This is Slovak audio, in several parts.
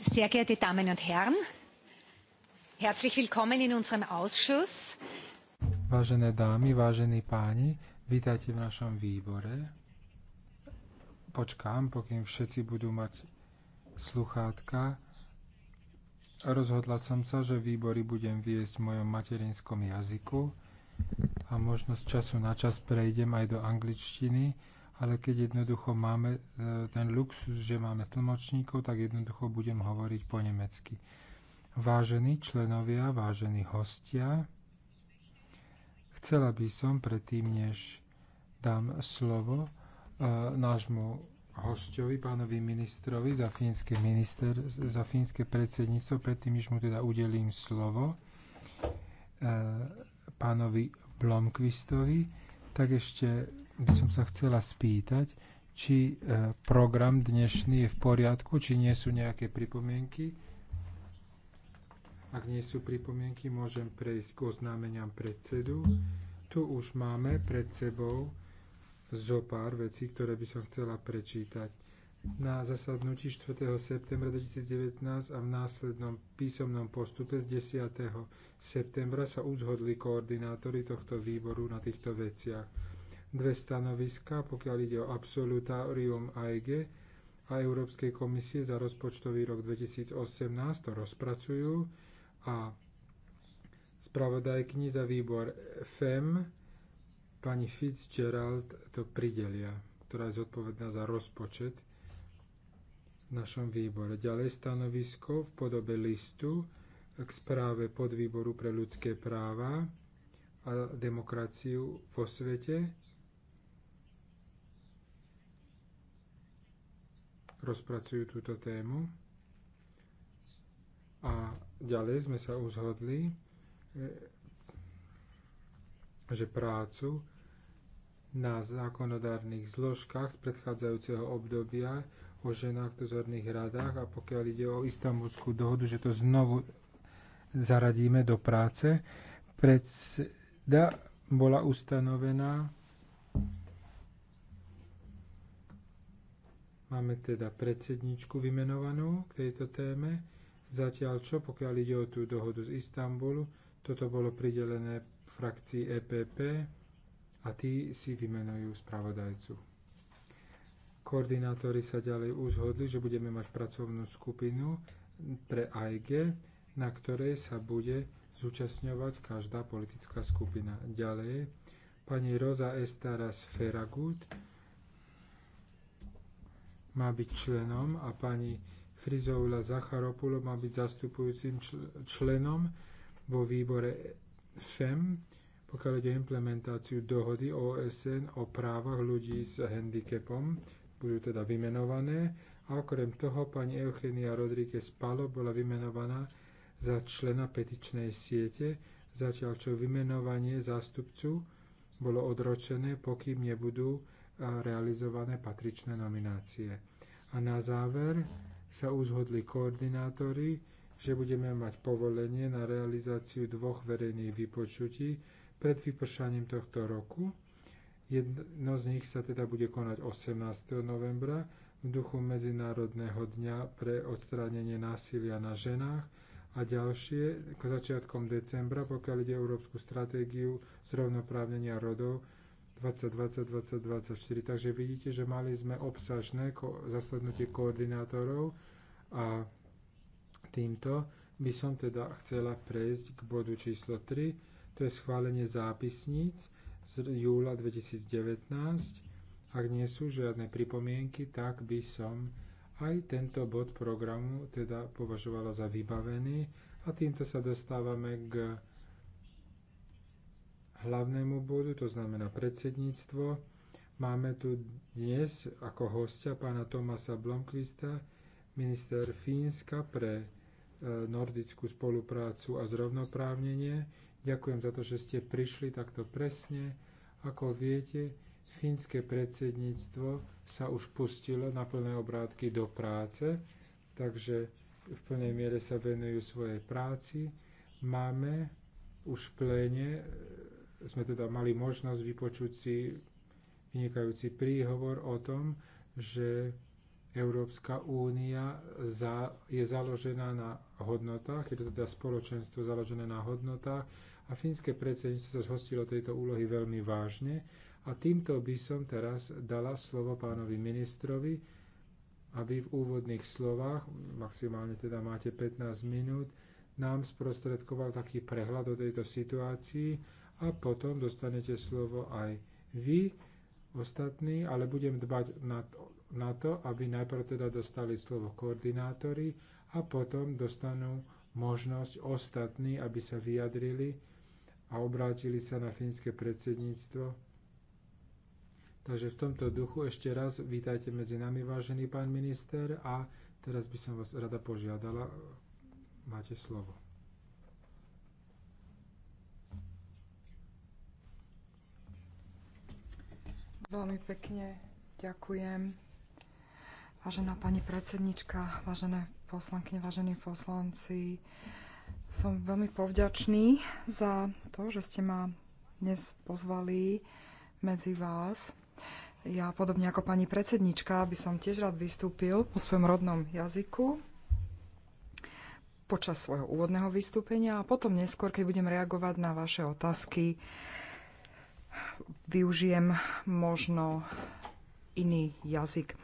sehr geehrte Damen und Herren, herzlich willkommen in unserem Ausschuss. Vážené dámy, vážení páni, vítajte v našom výbore. Počkám, pokým všetci budú mať sluchátka. Rozhodla som sa, že výbory budem viesť v mojom materinskom jazyku a možno z času na čas prejdem aj do angličtiny, ale keď jednoducho máme e, ten luxus, že máme tlmočníkov, tak jednoducho budem hovoriť po nemecky. Vážení členovia, vážení hostia, chcela by som predtým, než dám slovo e, nášmu hostovi, pánovi ministrovi za fínske, minister, za fínske predsedníctvo, predtým, než mu teda udelím slovo, e, pánovi Blomkvistovi, tak ešte by som sa chcela spýtať, či e, program dnešný je v poriadku, či nie sú nejaké pripomienky. Ak nie sú pripomienky, môžem prejsť k oznámeniam predsedu. Tu už máme pred sebou zo pár vecí, ktoré by som chcela prečítať. Na zasadnutí 4. septembra 2019 a v následnom písomnom postupe z 10. septembra sa uzhodli koordinátori tohto výboru na týchto veciach dve stanoviska, pokiaľ ide o absolutárium AEG a Európskej komisie za rozpočtový rok 2018, to rozpracujú a spravodajkni za výbor FEM pani Fitzgerald to pridelia, ktorá je zodpovedná za rozpočet v našom výbore. Ďalej stanovisko v podobe listu k správe podvýboru pre ľudské práva a demokraciu vo svete rozpracujú túto tému. A ďalej sme sa uzhodli, e, že prácu na zákonodárnych zložkách z predchádzajúceho obdobia o ženách v dozorných radách a pokiaľ ide o istambulskú dohodu, že to znovu zaradíme do práce. Predseda bola ustanovená Máme teda predsedničku vymenovanú k tejto téme. Zatiaľ čo, pokiaľ ide o tú dohodu z Istanbulu, toto bolo pridelené frakcii EPP a tí si vymenujú spravodajcu. Koordinátori sa ďalej uzhodli, že budeme mať pracovnú skupinu pre AIG, na ktorej sa bude zúčastňovať každá politická skupina. Ďalej, pani Rosa Estaras Feragut má byť členom a pani Chryzoula Zacharopulo má byť zastupujúcim členom vo výbore FEM, pokiaľ ide o implementáciu dohody OSN o právach ľudí s handicapom, budú teda vymenované. A okrem toho pani Eugenia Rodríguez Palo bola vymenovaná za člena petičnej siete, zatiaľ čo vymenovanie zástupcu bolo odročené, pokým nebudú realizované patričné nominácie. A na záver sa uzhodli koordinátori, že budeme mať povolenie na realizáciu dvoch verejných vypočutí pred vypršaním tohto roku. Jedno z nich sa teda bude konať 18. novembra v duchu Medzinárodného dňa pre odstránenie násilia na ženách a ďalšie k začiatkom decembra, pokiaľ ide o Európsku stratégiu zrovnoprávnenia rodov 2020, 2024. Takže vidíte, že mali sme obsažné ko- zasadnutie koordinátorov a týmto by som teda chcela prejsť k bodu číslo 3, to je schválenie zápisníc z júla 2019. Ak nie sú žiadne pripomienky, tak by som aj tento bod programu teda považovala za vybavený. A týmto sa dostávame k hlavnému bodu, to znamená predsedníctvo. Máme tu dnes ako hostia pána Tomasa Blomkvista, minister Fínska pre e, nordickú spoluprácu a zrovnoprávnenie. Ďakujem za to, že ste prišli takto presne. Ako viete, fínske predsedníctvo sa už pustilo na plné obrátky do práce, takže v plnej miere sa venujú svojej práci. Máme už v pléne sme teda mali možnosť vypočuť si vynikajúci príhovor o tom, že Európska únia za, je založená na hodnotách, je to teda spoločenstvo založené na hodnotách a fínske predsedníctvo sa zhostilo tejto úlohy veľmi vážne a týmto by som teraz dala slovo pánovi ministrovi, aby v úvodných slovách, maximálne teda máte 15 minút, nám sprostredkoval taký prehľad o tejto situácii, a potom dostanete slovo aj vy, ostatní, ale budem dbať na to, na to aby najprv teda dostali slovo koordinátori a potom dostanú možnosť ostatní, aby sa vyjadrili a obrátili sa na fínske predsedníctvo. Takže v tomto duchu ešte raz vítajte medzi nami, vážený pán minister, a teraz by som vás rada požiadala, máte slovo. Veľmi pekne ďakujem. Vážená pani predsednička, vážené poslanky, vážení poslanci, som veľmi povďačný za to, že ste ma dnes pozvali medzi vás. Ja podobne ako pani predsednička by som tiež rád vystúpil po svojom rodnom jazyku počas svojho úvodného vystúpenia a potom neskôr, keď budem reagovať na vaše otázky využijem možno iný jazyk.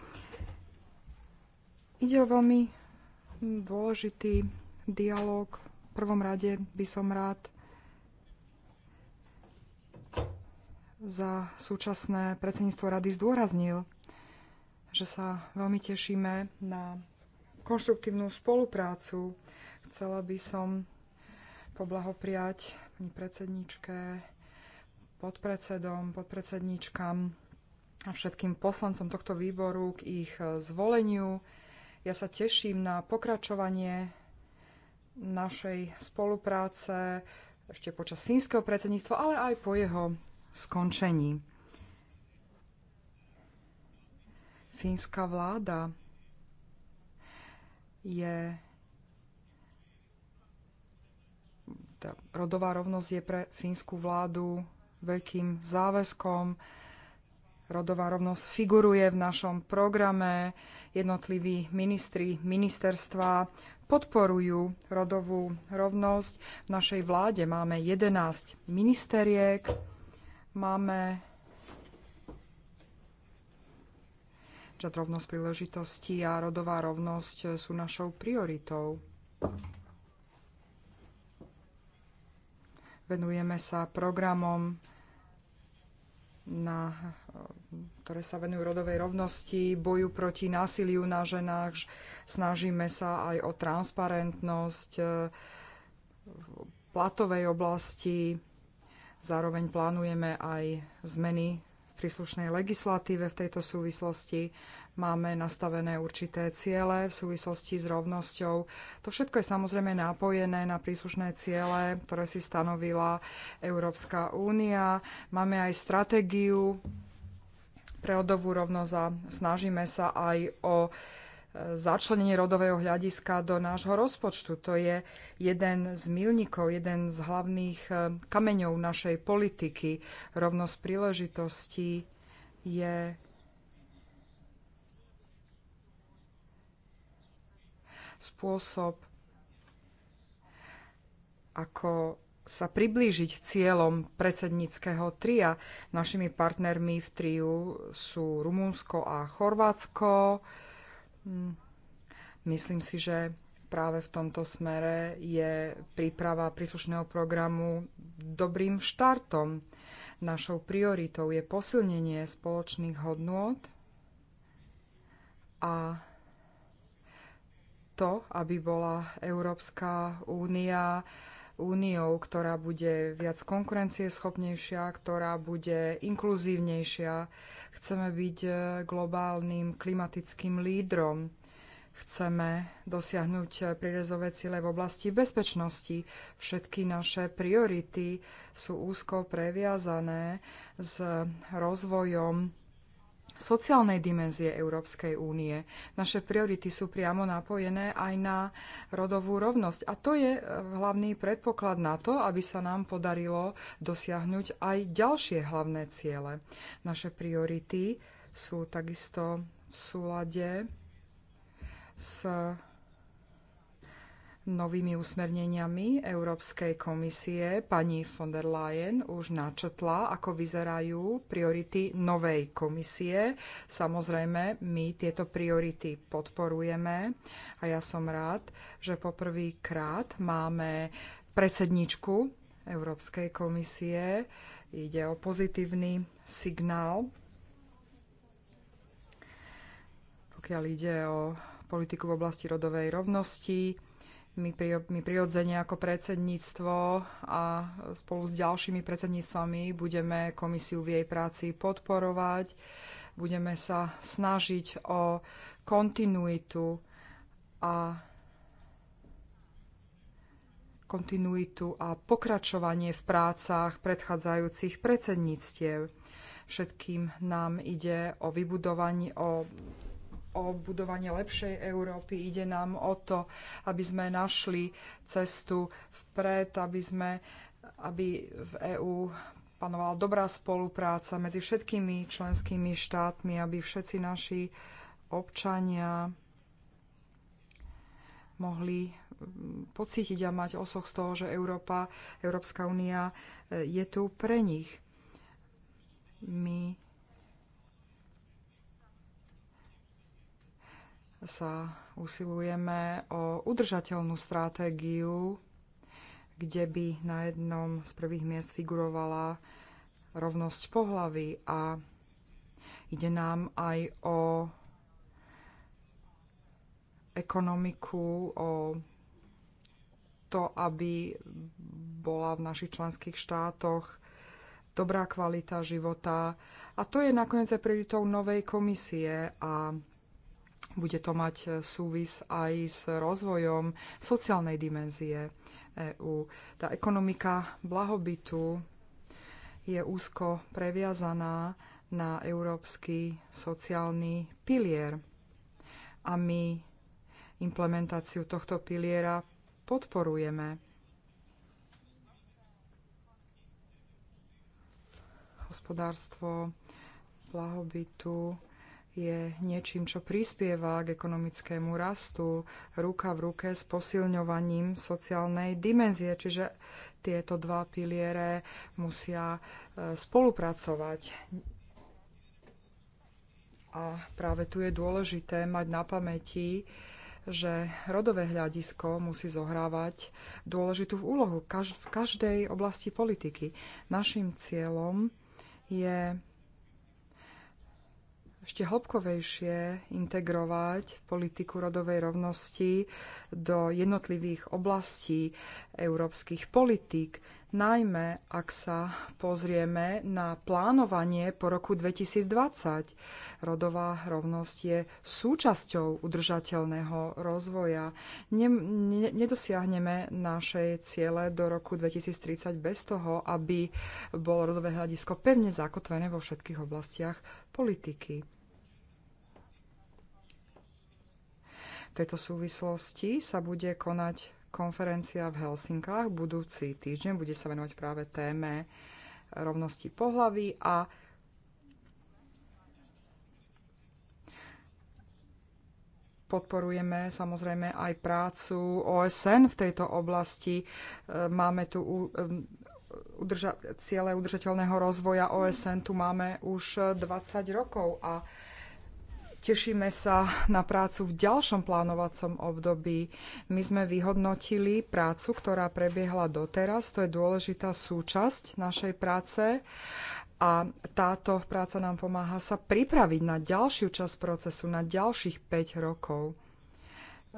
Ide o veľmi dôležitý dialog. V prvom rade by som rád za súčasné predsedníctvo rady zdôraznil, že sa veľmi tešíme na konštruktívnu spoluprácu. Chcela by som poblahopriať pani predsedničke podpredsedom, podpredsedníčkam a všetkým poslancom tohto výboru k ich e, zvoleniu. Ja sa teším na pokračovanie našej spolupráce ešte počas fínskeho predsedníctva, ale aj po jeho skončení. Fínska vláda je teda rodová rovnosť je pre fínsku vládu veľkým záväzkom. Rodová rovnosť figuruje v našom programe. Jednotliví ministri, ministerstva podporujú rodovú rovnosť. V našej vláde máme 11 ministeriek, máme že rovnosť príležitosti a rodová rovnosť sú našou prioritou. Venujeme sa programom na, ktoré sa venujú rodovej rovnosti, boju proti násiliu na ženách. Snažíme sa aj o transparentnosť e, v platovej oblasti. Zároveň plánujeme aj zmeny v príslušnej legislatíve v tejto súvislosti máme nastavené určité ciele v súvislosti s rovnosťou. To všetko je samozrejme napojené na príslušné ciele, ktoré si stanovila Európska únia. Máme aj stratégiu pre rodovú rovnosť a snažíme sa aj o e, začlenenie rodového hľadiska do nášho rozpočtu. To je jeden z milníkov, jeden z hlavných e, kameňov našej politiky. Rovnosť príležitostí je spôsob, ako sa priblížiť cieľom predsedníckého tria. Našimi partnermi v triu sú Rumúnsko a Chorvátsko. Hm. Myslím si, že práve v tomto smere je príprava príslušného programu dobrým štartom. Našou prioritou je posilnenie spoločných hodnôt a to, aby bola Európska únia úniou, ktorá bude viac konkurencieschopnejšia, ktorá bude inkluzívnejšia. Chceme byť e, globálnym klimatickým lídrom. Chceme dosiahnuť e, prírezové ciele v oblasti bezpečnosti. Všetky naše priority sú úzko previazané s rozvojom sociálnej dimenzie Európskej únie. Naše priority sú priamo napojené aj na rodovú rovnosť. A to je eh, hlavný predpoklad na to, aby sa nám podarilo dosiahnuť aj ďalšie hlavné ciele. Naše priority sú takisto v súlade s novými usmerneniami Európskej komisie pani von der Leyen už načetla, ako vyzerajú priority novej komisie. Samozrejme, my tieto priority podporujeme a ja som rád, že poprvýkrát máme predsedničku Európskej komisie. Ide o pozitívny signál, pokiaľ ide o politiku v oblasti rodovej rovnosti my, pri, my prirodzene ako predsedníctvo a spolu s ďalšími predsedníctvami budeme komisiu v jej práci podporovať. Budeme sa snažiť o kontinuitu a kontinuitu a pokračovanie v prácach predchádzajúcich predsedníctiev. Všetkým nám ide o vybudovanie, o o budovanie lepšej Európy, ide nám o to, aby sme našli cestu vpred, aby, sme, aby v EÚ panovala dobrá spolupráca medzi všetkými členskými štátmi, aby všetci naši občania mohli pocítiť a mať osoch z toho, že Európa, Európska únia e, je tu pre nich. My sa usilujeme o udržateľnú stratégiu, kde by na jednom z prvých miest figurovala rovnosť pohlavy a ide nám aj o ekonomiku, o to, aby bola v našich členských štátoch dobrá kvalita života. A to je nakoniec aj prioritou novej komisie a bude to mať e, súvis aj s rozvojom sociálnej dimenzie EÚ. Tá ekonomika blahobytu je úzko previazaná na európsky sociálny pilier. A my implementáciu tohto piliera podporujeme. Hospodárstvo blahobytu je niečím, čo prispieva k ekonomickému rastu ruka v ruke s posilňovaním sociálnej dimenzie. Čiže tieto dva piliere musia e, spolupracovať. A práve tu je dôležité mať na pamäti, že rodové hľadisko musí zohrávať dôležitú úlohu v každej oblasti politiky. Našim cieľom je ešte hlbkovejšie integrovať politiku rodovej rovnosti do jednotlivých oblastí európskych politík, najmä ak sa pozrieme na plánovanie po roku 2020. Rodová rovnosť je súčasťou udržateľného rozvoja. Ne, ne, nedosiahneme naše ciele do roku 2030 bez toho, aby bolo rodové hľadisko pevne zakotvené vo všetkých oblastiach politiky. tejto súvislosti sa bude konať konferencia v Helsinkách budúci týždeň. Bude sa venovať práve téme rovnosti pohlaví a podporujeme samozrejme aj prácu OSN v tejto oblasti. E, máme tu e, udrža- ciele udržateľného rozvoja OSN, tu máme už 20 rokov a Tešíme sa na prácu v ďalšom plánovacom období. My sme vyhodnotili prácu, ktorá prebiehla doteraz. To je dôležitá súčasť našej práce a táto práca nám pomáha sa pripraviť na ďalšiu časť procesu, na ďalších 5 rokov.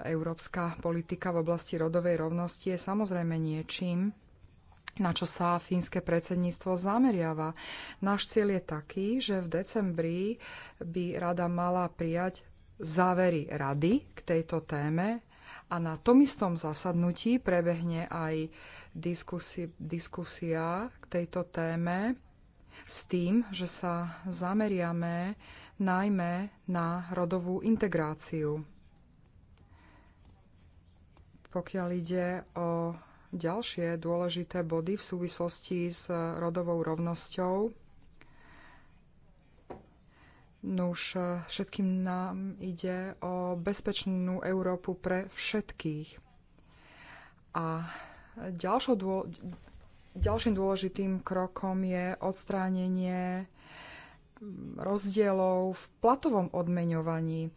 Európska politika v oblasti rodovej rovnosti je samozrejme niečím, na čo sa fínske predsedníctvo zameriava. Náš cieľ je taký, že v decembri by rada mala prijať závery rady k tejto téme a na tom istom zasadnutí prebehne aj diskusi, diskusia k tejto téme s tým, že sa zameriame najmä na rodovú integráciu. Pokiaľ ide o ďalšie dôležité body v súvislosti s rodovou rovnosťou. Nuž, všetkým nám ide o bezpečnú Európu pre všetkých. A dô, ďalším dôležitým krokom je odstránenie rozdielov v platovom odmeňovaní.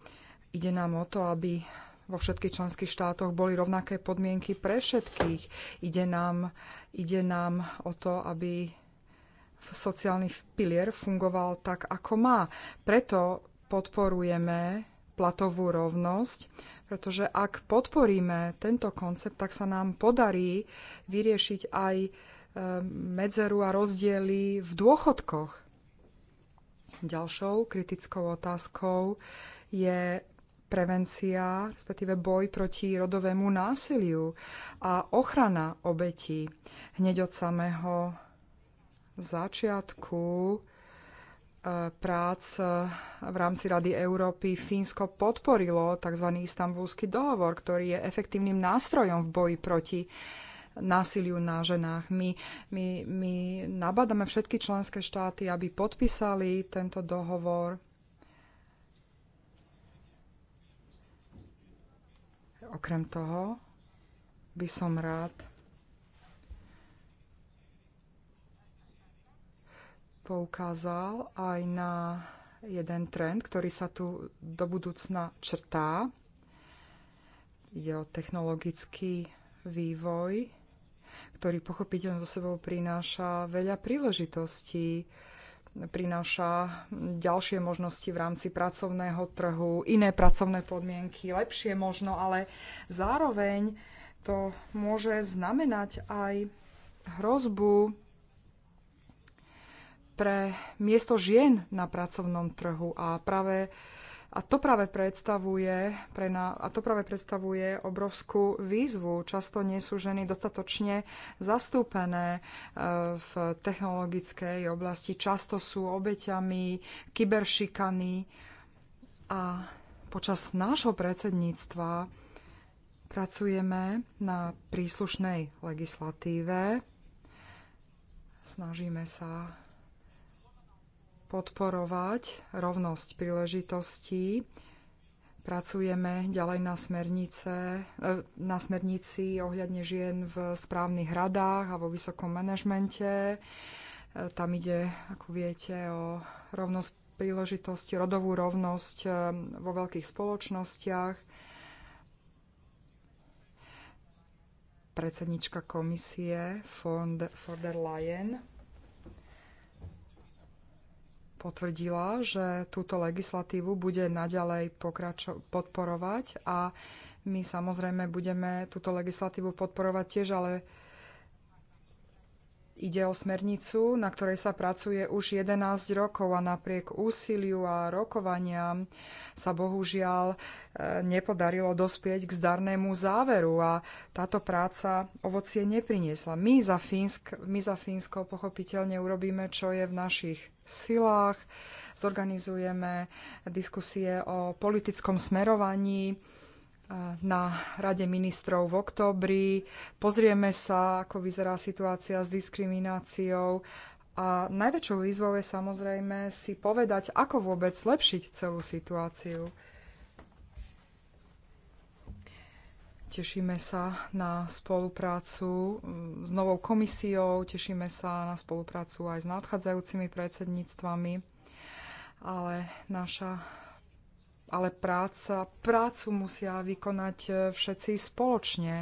Ide nám o to, aby vo všetkých členských štátoch boli rovnaké podmienky pre všetkých. Ide nám, ide nám o to, aby sociálny pilier fungoval tak, ako má. Preto podporujeme platovú rovnosť, pretože ak podporíme tento koncept, tak sa nám podarí vyriešiť aj e, medzeru a rozdiely v dôchodkoch. Ďalšou kritickou otázkou je prevencia, respektíve boj proti rodovému násiliu a ochrana obetí. Hneď od samého začiatku e, prác e, v rámci Rady Európy Fínsko podporilo tzv. istambulský dohovor, ktorý je efektívnym nástrojom v boji proti násiliu na ženách. My, my, my nabádame všetky členské štáty, aby podpísali tento dohovor Okrem toho by som rád poukázal aj na jeden trend, ktorý sa tu do budúcna črtá. Ide o technologický vývoj, ktorý pochopiteľne so sebou prináša veľa príležitostí prináša ďalšie možnosti v rámci pracovného trhu, iné pracovné podmienky, lepšie možno, ale zároveň to môže znamenať aj hrozbu pre miesto žien na pracovnom trhu. A práve a to práve predstavuje, pre na, a to práve predstavuje obrovskú výzvu. Často nie sú ženy dostatočne zastúpené e, v technologickej oblasti. Často sú obeťami kyberšikany. A počas nášho predsedníctva pracujeme na príslušnej legislatíve. Snažíme sa podporovať rovnosť príležitostí. Pracujeme ďalej na, smernice, e, na smernici ohľadne žien v správnych radách a vo vysokom manažmente. E, tam ide, ako viete, o rovnosť príležitosti, rodovú rovnosť e, vo veľkých spoločnostiach. Predsednička komisie von der Leyen potvrdila, že túto legislatívu bude naďalej podporovať a my samozrejme budeme túto legislatívu podporovať tiež, ale Ide o smernicu, na ktorej sa pracuje už 11 rokov a napriek úsiliu a rokovaniam sa bohužiaľ e, nepodarilo dospieť k zdarnému záveru a táto práca ovocie nepriniesla. My za, Fínsk, my za Fínsko pochopiteľne urobíme, čo je v našich silách, zorganizujeme diskusie o politickom smerovaní na Rade ministrov v oktobri. Pozrieme sa, ako vyzerá situácia s diskrimináciou. A najväčšou výzvou je samozrejme si povedať, ako vôbec zlepšiť celú situáciu. Tešíme sa na spoluprácu mm, s novou komisiou, tešíme sa na spoluprácu aj s nadchádzajúcimi predsedníctvami, ale naša ale práca, prácu musia vykonať e, všetci spoločne.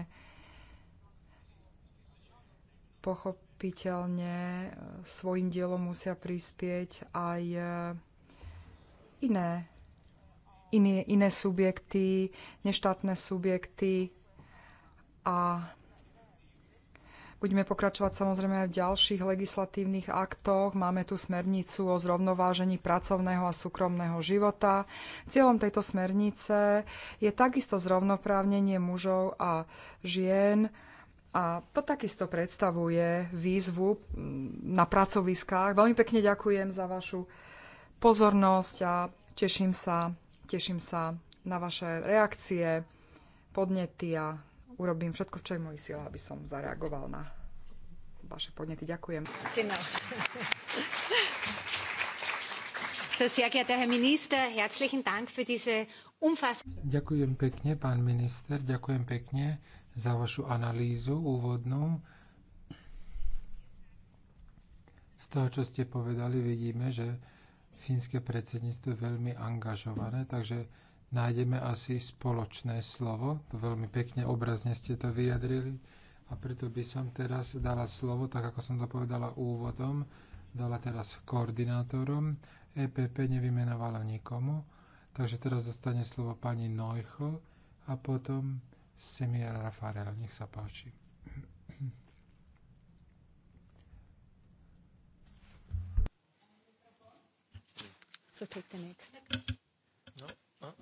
Pochopiteľne e, svojim dielom musia prispieť aj e, iné, iné, iné subjekty, neštátne subjekty a Budeme pokračovať samozrejme aj v ďalších legislatívnych aktoch. Máme tu smernicu o zrovnovážení pracovného a súkromného života. Cieľom tejto smernice je takisto zrovnoprávnenie mužov a žien. A to takisto predstavuje výzvu mm, na pracoviskách. Veľmi pekne ďakujem za vašu pozornosť a teším sa, teším sa na vaše reakcie, podnety a urobím všetko, čo je v mojich aby som zareagoval na vaše podnety. Ďakujem. Ďakujem pekne, pán minister, ďakujem pekne za vašu analýzu úvodnú. Z toho, čo ste povedali, vidíme, že fínske predsedníctvo je veľmi angažované, takže nájdeme asi spoločné slovo. To veľmi pekne obrazne ste to vyjadrili. A preto by som teraz dala slovo, tak ako som to povedala úvodom, dala teraz koordinátorom. EPP nevymenovala nikomu, takže teraz zostane slovo pani Nojcho a potom Semira Rafarela. Nech sa páči. So take the next. No, Oh.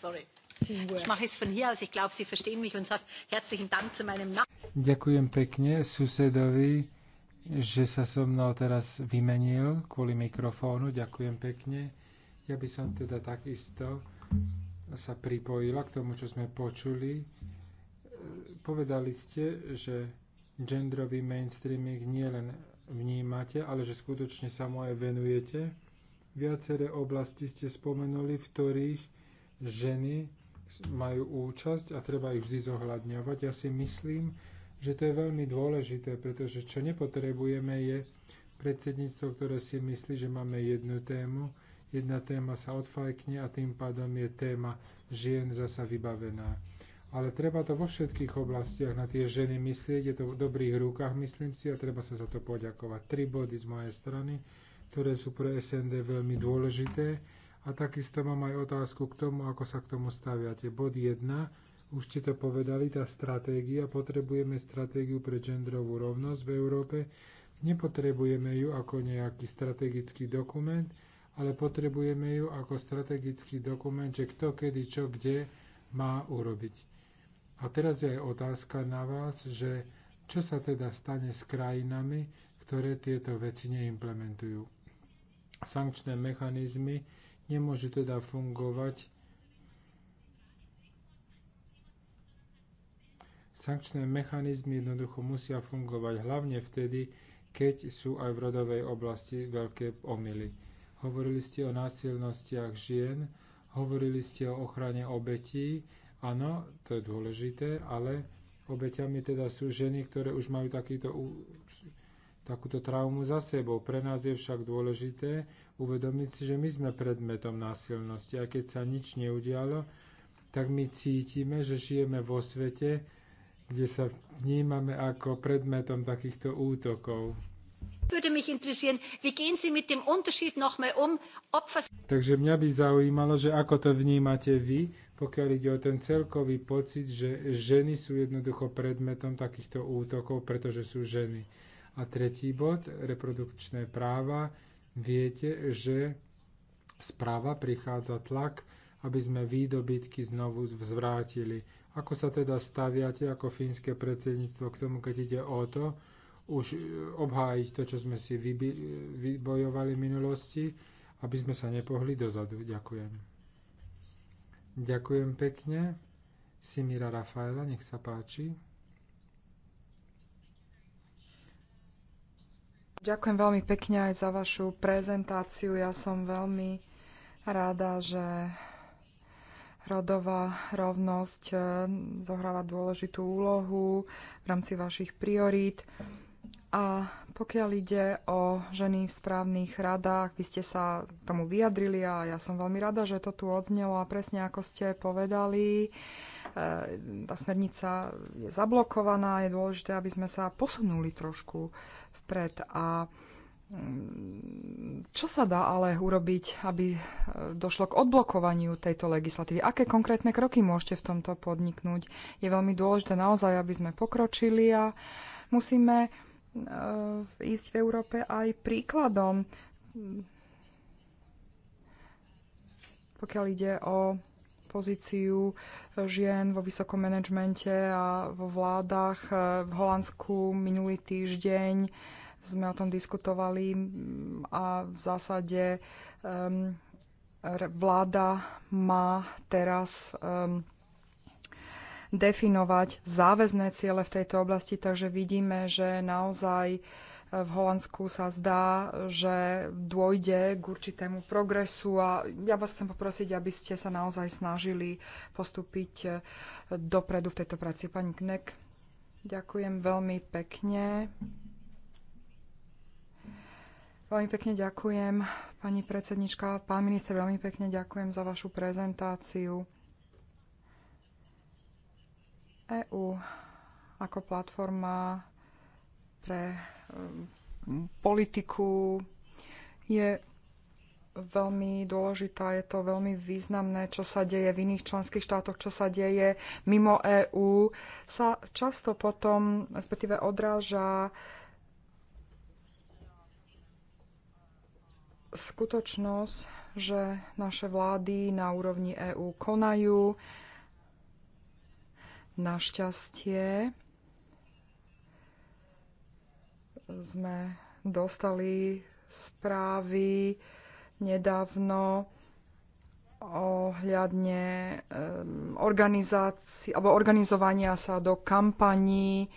Sorry. mache von hier aus. Ich glaube, Sie verstehen mich und herzlichen Dank zu meinem Ďakujem pekne susedovi, že sa so mnou teraz vymenil kvôli mikrofónu. Ďakujem pekne. Ja by som teda takisto sa pripojila k tomu, čo sme počuli. Povedali ste, že genderový mainstreaming nie len vnímate, ale že skutočne sa mu aj venujete. Viaceré oblasti ste spomenuli, v ktorých ženy majú účasť a treba ich vždy zohľadňovať. Ja si myslím, že to je veľmi dôležité, pretože čo nepotrebujeme je predsedníctvo, ktoré si myslí, že máme jednu tému, jedna téma sa odfajkne a tým pádom je téma žien zasa vybavená. Ale treba to vo všetkých oblastiach na tie ženy myslieť, je to v dobrých rukách, myslím si, a treba sa za to poďakovať. Tri body z mojej strany, ktoré sú pre SND veľmi dôležité a takisto mám aj otázku k tomu, ako sa k tomu staviate. Bod 1, už ste to povedali, tá stratégia, potrebujeme stratégiu pre genderovú rovnosť v Európe. Nepotrebujeme ju ako nejaký strategický dokument, ale potrebujeme ju ako strategický dokument, že kto, kedy, čo, kde má urobiť. A teraz je aj otázka na vás, že čo sa teda stane s krajinami, ktoré tieto veci neimplementujú. Sankčné mechanizmy Nemôžu teda fungovať Sankčné mechanizmy jednoducho musia fungovať hlavne vtedy, keď sú aj v rodovej oblasti veľké omily. Hovorili ste o násilnostiach žien, hovorili ste o ochrane obetí. Áno, to je dôležité, ale obeťami teda sú ženy, ktoré už majú takýto, takúto traumu za sebou. Pre nás je však dôležité uvedomiť si, že my sme predmetom násilnosti a keď sa nič neudialo, tak my cítime, že žijeme vo svete, kde sa vnímame ako predmetom takýchto útokov. Takže mňa by zaujímalo, že ako to vnímate vy, pokiaľ ide o ten celkový pocit, že ženy sú jednoducho predmetom takýchto útokov, pretože sú ženy. A tretí bod, reprodukčné práva Viete, že správa prichádza tlak, aby sme výdobytky znovu vzvrátili. Ako sa teda staviate ako fínske predsedníctvo k tomu, keď ide o to, už e, obhájiť to, čo sme si vybojovali v minulosti, aby sme sa nepohli dozadu. Ďakujem. Ďakujem pekne. Simira Rafaela, nech sa páči. Ďakujem veľmi pekne aj za vašu prezentáciu. Ja som veľmi rada, že rodová rovnosť eh, zohráva dôležitú úlohu v rámci vašich priorít. A pokiaľ ide o ženy v správnych radách, vy ste sa tomu vyjadrili a ja som veľmi rada, že to tu odznelo a presne ako ste povedali, eh, tá smernica je zablokovaná, je dôležité, aby sme sa posunuli trošku vpred a mm, čo sa dá ale urobiť, aby e, došlo k odblokovaniu tejto legislatívy? Aké konkrétne kroky môžete v tomto podniknúť? Je veľmi dôležité naozaj, aby sme pokročili a musíme e, ísť v Európe aj príkladom, pokiaľ ide o pozíciu e, žien vo vysokom manažmente a vo vládach v Holandsku minulý týždeň sme o tom diskutovali a v zásade um, vláda má teraz um, definovať záväzné ciele v tejto oblasti, takže vidíme, že naozaj v Holandsku sa zdá, že dôjde k určitému progresu a ja vás chcem poprosiť, aby ste sa naozaj snažili postúpiť e, dopredu v tejto práci. Pani Knek, ďakujem veľmi pekne. Veľmi pekne ďakujem, pani predsednička. Pán minister, veľmi pekne ďakujem za vašu prezentáciu. EU ako platforma pre um, politiku je veľmi dôležitá, je to veľmi významné, čo sa deje v iných členských štátoch, čo sa deje mimo EÚ, sa často potom, respektíve odráža skutočnosť, že naše vlády na úrovni EÚ konajú. Našťastie sme dostali správy nedávno ohľadne organizácie alebo organizovania sa do kampaní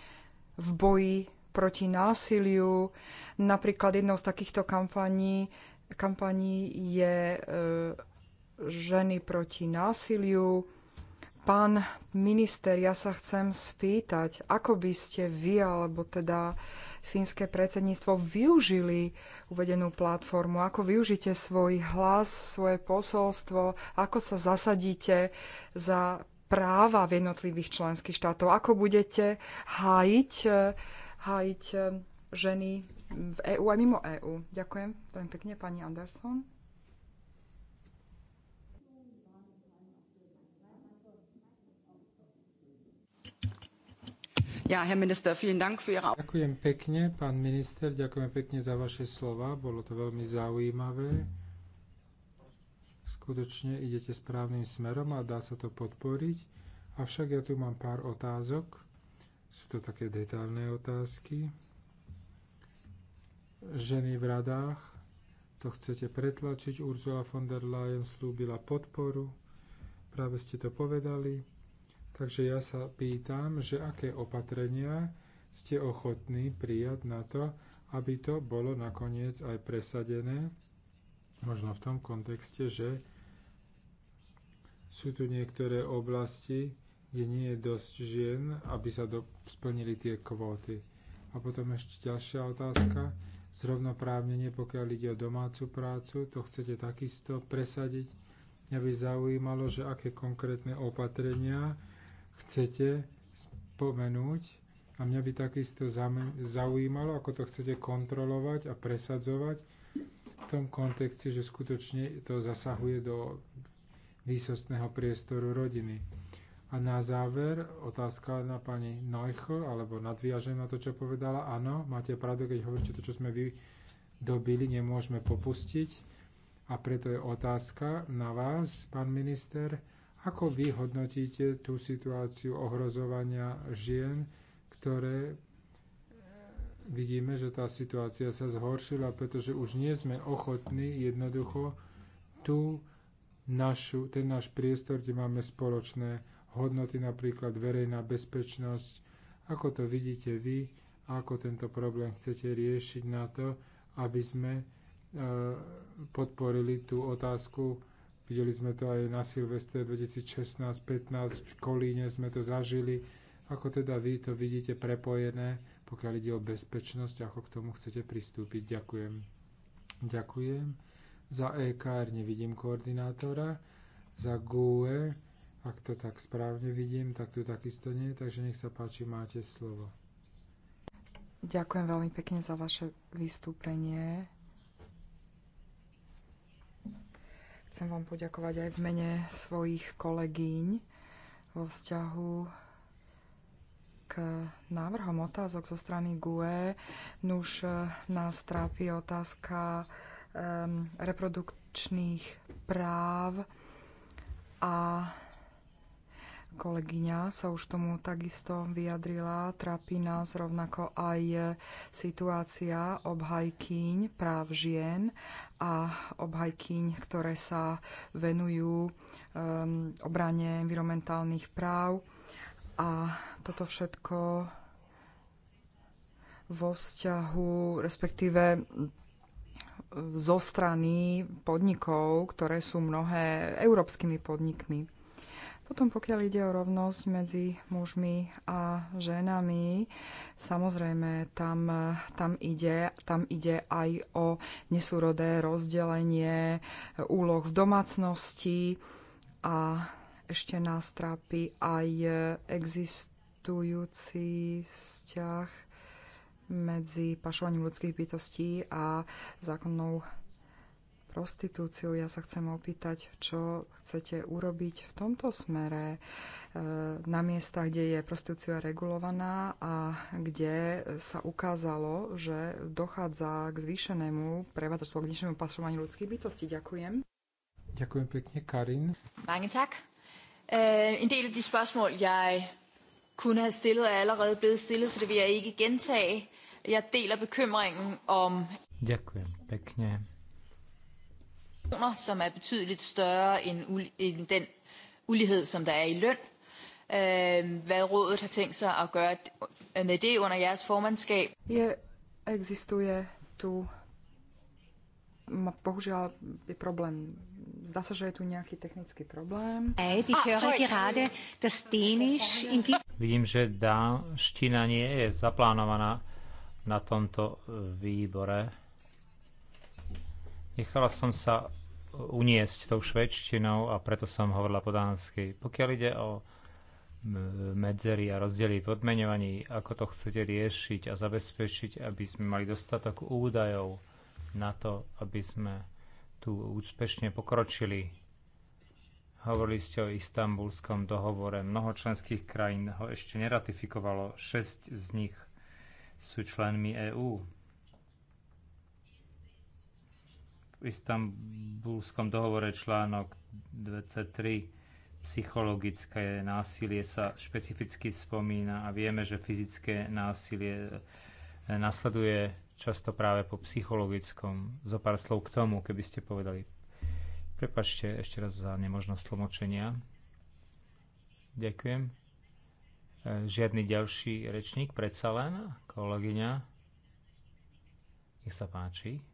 v boji proti násiliu. Napríklad jednou z takýchto kampaní kampani je e, ženy proti násiliu. Pán minister, ja sa chcem spýtať, ako by ste vy, alebo teda fínske predsedníctvo, využili uvedenú platformu? Ako využite svoj hlas, svoje posolstvo? Ako sa zasadíte za práva v jednotlivých členských štátov? Ako budete hájiť, e, hájiť e, ženy v EÚ aj mimo EÚ. Ďakujem veľmi pekne, pani Anderson. Ja, Herr Minister, vielen Dank für Ihre... Ďakujem pekne, pán minister, ďakujem pekne za vaše slova, bolo to veľmi zaujímavé. Skutočne idete správnym smerom a dá sa to podporiť. Avšak ja tu mám pár otázok. Sú to také detailné otázky ženy v radách. To chcete pretlačiť. Ursula von der Leyen slúbila podporu. Práve ste to povedali. Takže ja sa pýtam, že aké opatrenia ste ochotní prijať na to, aby to bolo nakoniec aj presadené. Možno v tom kontexte, že sú tu niektoré oblasti, kde nie je dosť žien, aby sa do, splnili tie kvóty. A potom ešte ďalšia otázka zrovnoprávnenie, pokiaľ ide o domácu prácu, to chcete takisto presadiť. Mňa by zaujímalo, že aké konkrétne opatrenia chcete spomenúť a mňa by takisto zaujímalo, ako to chcete kontrolovať a presadzovať v tom kontexte, že skutočne to zasahuje do výsostného priestoru rodiny. A na záver, otázka na pani Neuchl, alebo nadviažem na to, čo povedala. Áno, máte pravdu, keď hovoríte to, čo sme vydobili, nemôžeme popustiť. A preto je otázka na vás, pán minister, ako vy hodnotíte tú situáciu ohrozovania žien, ktoré e, vidíme, že tá situácia sa zhoršila, pretože už nie sme ochotní jednoducho tú našu, ten náš priestor, kde máme spoločné hodnoty, napríklad verejná bezpečnosť. Ako to vidíte vy a ako tento problém chcete riešiť na to, aby sme e, podporili tú otázku. Videli sme to aj na Silvestre 2016-15, v Kolíne sme to zažili. Ako teda vy to vidíte prepojené, pokiaľ ide o bezpečnosť, ako k tomu chcete pristúpiť? Ďakujem. Ďakujem. Za EKR nevidím koordinátora. Za GUE ak to tak správne vidím, tak tu takisto nie, takže nech sa páči, máte slovo. Ďakujem veľmi pekne za vaše vystúpenie. Chcem vám poďakovať aj v mene svojich kolegyň vo vzťahu k návrhom otázok zo strany GUE. Nuž nás trápi otázka um, reprodukčných práv a kolegyňa sa už tomu takisto vyjadrila, trápi nás rovnako aj situácia obhajkyň práv žien a obhajkyň, ktoré sa venujú um, obrane environmentálnych práv. A toto všetko vo vzťahu, respektíve zo strany podnikov, ktoré sú mnohé európskymi podnikmi. Potom pokiaľ ide o rovnosť medzi mužmi a ženami, samozrejme tam, tam, ide, tam ide aj o nesúrodé rozdelenie úloh v domácnosti a ešte nás trápi aj existujúci vzťah medzi pašovaním ľudských bytostí a zákonnou prostitúciu. Ja sa chcem opýtať, čo chcete urobiť v tomto smere e, na miestach, kde je prostitúcia regulovaná a kde sa ukázalo, že dochádza k zvýšenému prevádzačstvu, k nižšiemu pasovaniu ľudských bytostí. Ďakujem. Ďakujem pekne, Karin. Mange tak. Uh, en del af de spørgsmål, jeg kunne have stillet, er allerede blevet stillet, så det vil jeg ikke gentage. Jeg deler bekymringen om... Ďakujem pekne som er betydeligt større end, end den ulighed, som der er i løn. Øh, hvad rådet har tænkt sig at gøre med det under jeres formandskab? Je, existuje tu bohužiaľ je problém. Zdá sa, že je tu nejaký technický problém. Ah, Vidím, že dánština nie je zaplánovaná na tomto výbore. Nechala som sa uniesť tou švedštinou a preto som hovorila po dánsky. Pokiaľ ide o medzery a rozdiely v odmenovaní, ako to chcete riešiť a zabezpečiť, aby sme mali dostatok údajov na to, aby sme tu úspešne pokročili. Hovorili ste o istambulskom dohovore. Mnoho členských krajín ho ešte neratifikovalo, šesť z nich sú členmi EÚ. istambulskom dohovore článok 23 psychologické násilie sa špecificky spomína a vieme, že fyzické násilie eh, nasleduje často práve po psychologickom. Zo pár slov k tomu, keby ste povedali. Prepačte ešte raz za nemožnosť tlmočenia. Ďakujem. Eh, žiadny ďalší rečník, predsa len, kolegyňa. Nech sa páči.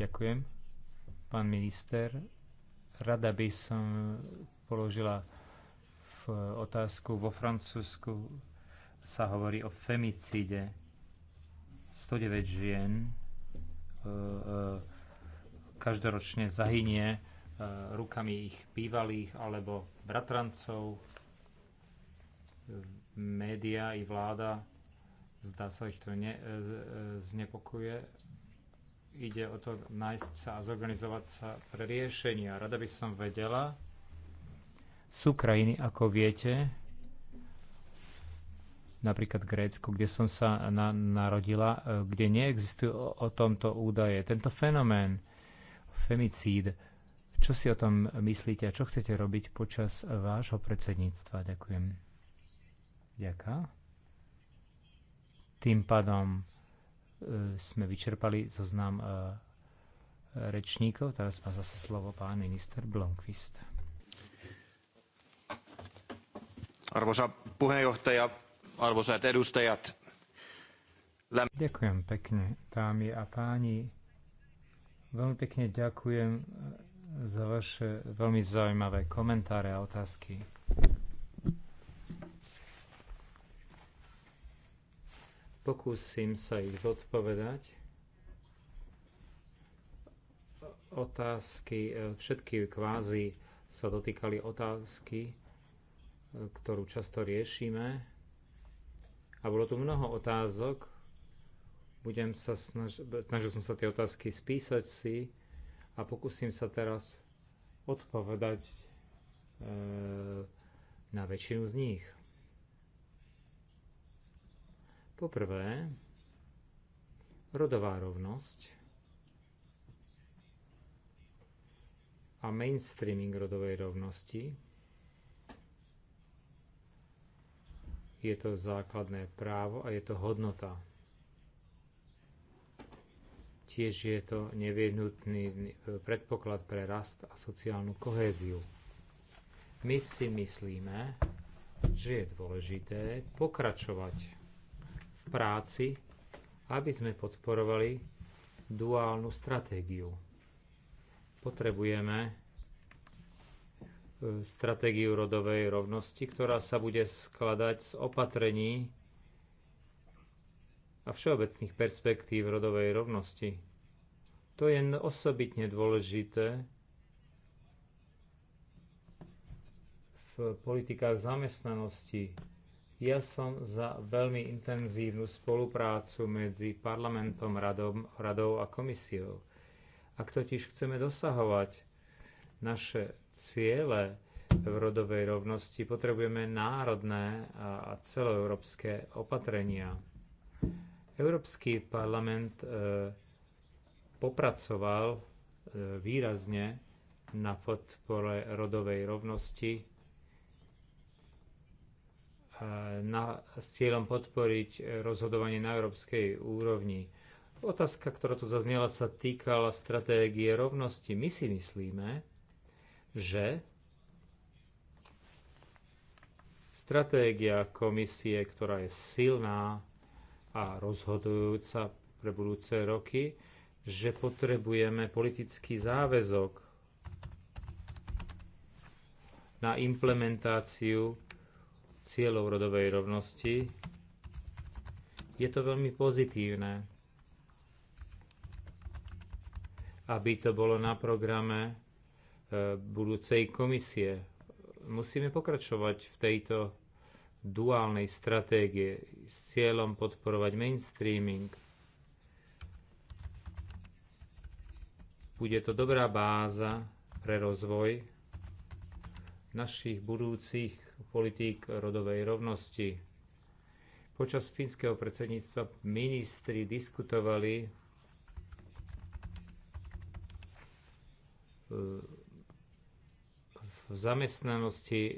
Ďakujem. Pán minister, rada by som položila v otázku. Vo Francúzsku sa hovorí o femicíde. 109 žien e, e, každoročne zahynie e, rukami ich bývalých alebo bratrancov. Média i vláda, zdá sa, ich to ne, znepokuje ide o to nájsť sa a zorganizovať sa pre riešenia. Rada by som vedela, sú krajiny, ako viete, napríklad Grécko, kde som sa na, narodila, e, kde neexistujú o, o tomto údaje. Tento fenomén, femicíd, čo si o tom myslíte a čo chcete robiť počas vášho predsedníctva? Ďakujem. Ďakujem. Tým pádom E, sme vyčerpali zoznam e, rečníkov. Teraz má zase slovo pán minister Blomqvist. Arvoisa puheenjohtaja, arvoisat edustajat. Ďakujem pekne, dámy a páni. Veľmi pekne ďakujem e, za vaše veľmi zaujímavé komentáre a otázky. Pokúsim sa ich zodpovedať. Otázky, e, všetky kvázi sa dotýkali otázky, e, ktorú často riešime. A bolo tu mnoho otázok. Budem sa snaž- snažil som sa tie otázky spísať si a pokúsim sa teraz odpovedať e, na väčšinu z nich. Poprvé, rodová rovnosť a mainstreaming rodovej rovnosti. Je to základné právo a je to hodnota. Tiež je to nevyhnutný e, predpoklad pre rast a sociálnu kohéziu. My si myslíme, že je dôležité pokračovať práci, aby sme podporovali duálnu stratégiu. Potrebujeme e, stratégiu rodovej rovnosti, ktorá sa bude skladať z opatrení a všeobecných perspektív rodovej rovnosti. To je osobitne dôležité v politikách zamestnanosti, ja som za veľmi intenzívnu spoluprácu medzi parlamentom, radom, radou a komisiou. Ak totiž chceme dosahovať naše ciele v rodovej rovnosti, potrebujeme národné a celoeurópske opatrenia. Európsky parlament e, popracoval e, výrazne na podpore rodovej rovnosti na, s cieľom podporiť e, rozhodovanie na európskej úrovni. Otázka, ktorá tu zaznela, sa týkala stratégie rovnosti. My si myslíme, že stratégia komisie, ktorá je silná a rozhodujúca pre budúce roky, že potrebujeme politický záväzok na implementáciu cieľov rodovej rovnosti, je to veľmi pozitívne. Aby to bolo na programe e, budúcej komisie. Musíme pokračovať v tejto duálnej stratégie s cieľom podporovať mainstreaming. Bude to dobrá báza pre rozvoj našich budúcich politík rodovej rovnosti. Počas fínskeho predsedníctva ministri diskutovali e, v zamestnanosti, e,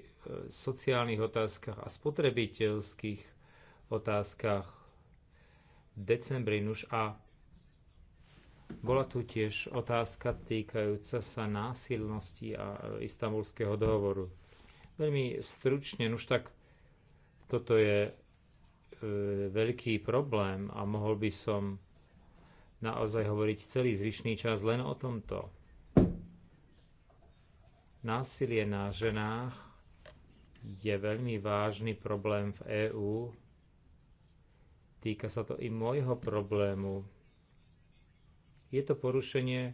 sociálnych otázkach a spotrebiteľských otázkach v decembri. Nuž a bola tu tiež otázka týkajúca sa násilnosti a e, istambulského dohovoru. Veľmi stručne, už tak toto je e, veľký problém a mohol by som naozaj hovoriť celý zvyšný čas len o tomto. Násilie na ženách je veľmi vážny problém v EÚ. Týka sa to i môjho problému. Je to porušenie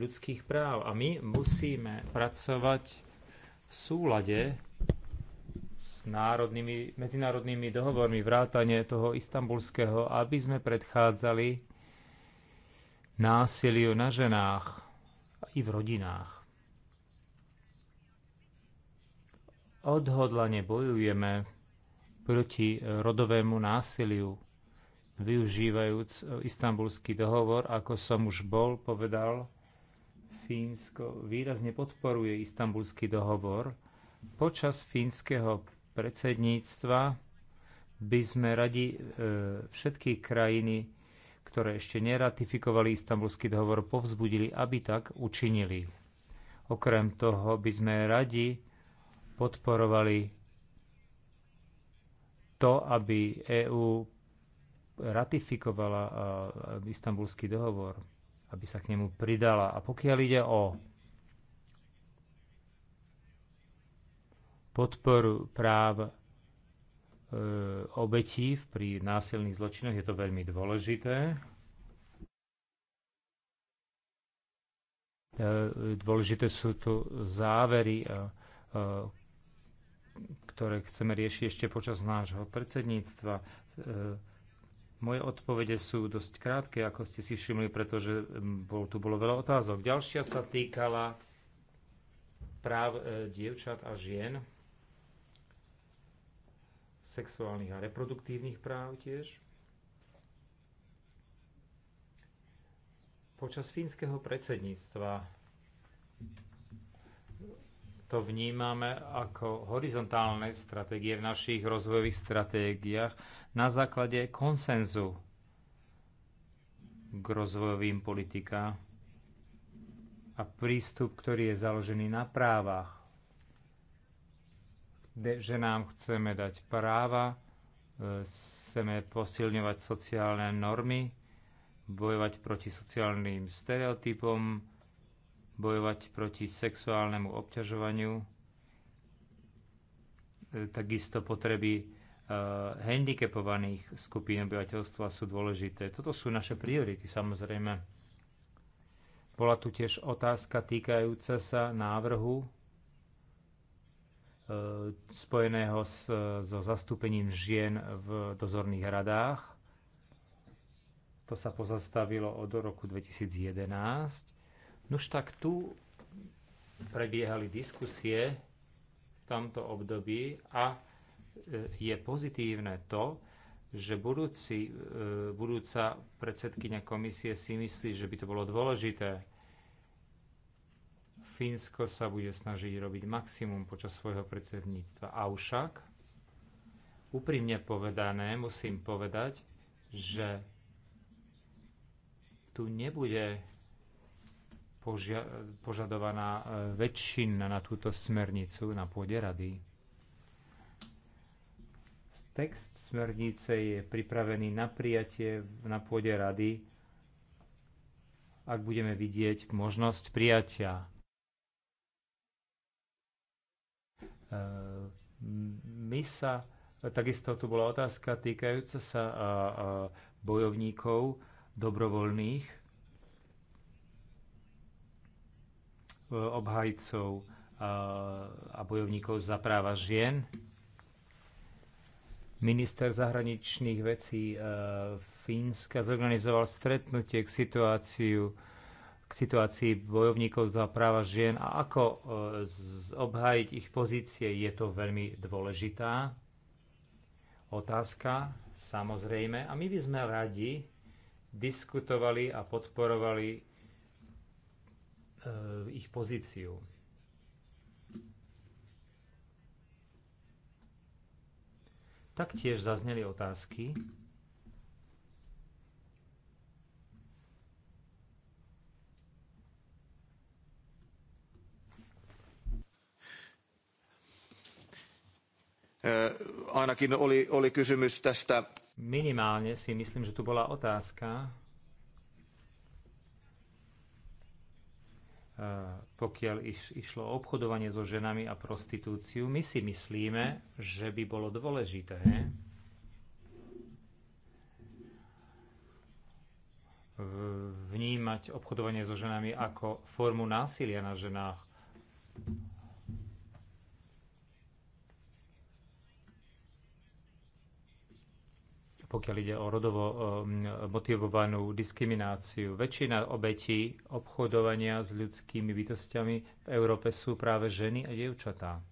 ľudských práv a my musíme pracovať v súlade s národnými, medzinárodnými dohovormi vrátane toho istambulského, aby sme predchádzali násiliu na ženách i v rodinách. Odhodlane bojujeme proti rodovému násiliu, využívajúc istambulský dohovor, ako som už bol povedal, Fínsko výrazne podporuje istambulský dohovor. Počas fínskeho predsedníctva by sme radi e, všetky krajiny, ktoré ešte neratifikovali istambulský dohovor, povzbudili, aby tak učinili. Okrem toho by sme radi podporovali to, aby EÚ ratifikovala e, istambulský dohovor aby sa k nemu pridala. A pokiaľ ide o podporu práv e, obetí pri násilných zločinoch, je to veľmi dôležité. E, dôležité sú tu závery, e, e, ktoré chceme riešiť ešte počas nášho predsedníctva moje odpovede sú dosť krátke, ako ste si všimli, pretože mm, bol, tu bolo veľa otázok. Ďalšia sa týkala práv e, dievčat a žien, sexuálnych a reproduktívnych práv tiež. Počas fínskeho predsedníctva to vnímame ako horizontálne stratégie v našich rozvojových stratégiách na základe konsenzu k rozvojovým politikám a prístup, ktorý je založený na právach. Že nám chceme dať práva, e, chceme posilňovať sociálne normy, bojovať proti sociálnym stereotypom, bojovať proti sexuálnemu obťažovaniu, e, takisto potreby e, handicapovaných skupín obyvateľstva sú dôležité. Toto sú naše priority, samozrejme. Bola tu tiež otázka týkajúca sa návrhu e, spojeného s, so zastúpením žien v dozorných radách. To sa pozastavilo od roku 2011. Nuž tak tu prebiehali diskusie v tomto období a e, je pozitívne to, že budúci, e, budúca predsedkynia komisie si myslí, že by to bolo dôležité. Fínsko sa bude snažiť robiť maximum počas svojho predsedníctva. Avšak, úprimne povedané, musím povedať, že tu nebude požia- požadovaná e, väčšina na túto smernicu na pôde rady. Text smernice je pripravený na prijatie na pôde rady, ak budeme vidieť možnosť prijatia. E, my sa, takisto tu bola otázka týkajúca sa bojovníkov dobrovoľných, Eh, obhajcov eh, a bojovníkov za práva žien. Minister zahraničných vecí eh, Fínska zorganizoval stretnutie k situáciu k situácii bojovníkov za práva žien a ako obhajiť ich pozície je to veľmi dôležitá otázka, samozrejme. A my by sme radi diskutovali a podporovali Eh, ich pozíciu. Taktiež zazneli otázky. Eh, ainakin oli, oli kysymys tästä. Minimálne si myslím, že tu bola otázka Eh, pokiaľ išlo o obchodovanie so ženami a prostitúciu, my si myslíme, že by bolo dôležité vnímať obchodovanie so ženami ako formu násilia na ženách pokiaľ ide o rodovo um, motivovanú diskrimináciu. Väčšina obetí obchodovania s ľudskými bytostiami v Európe sú práve ženy a dievčatá.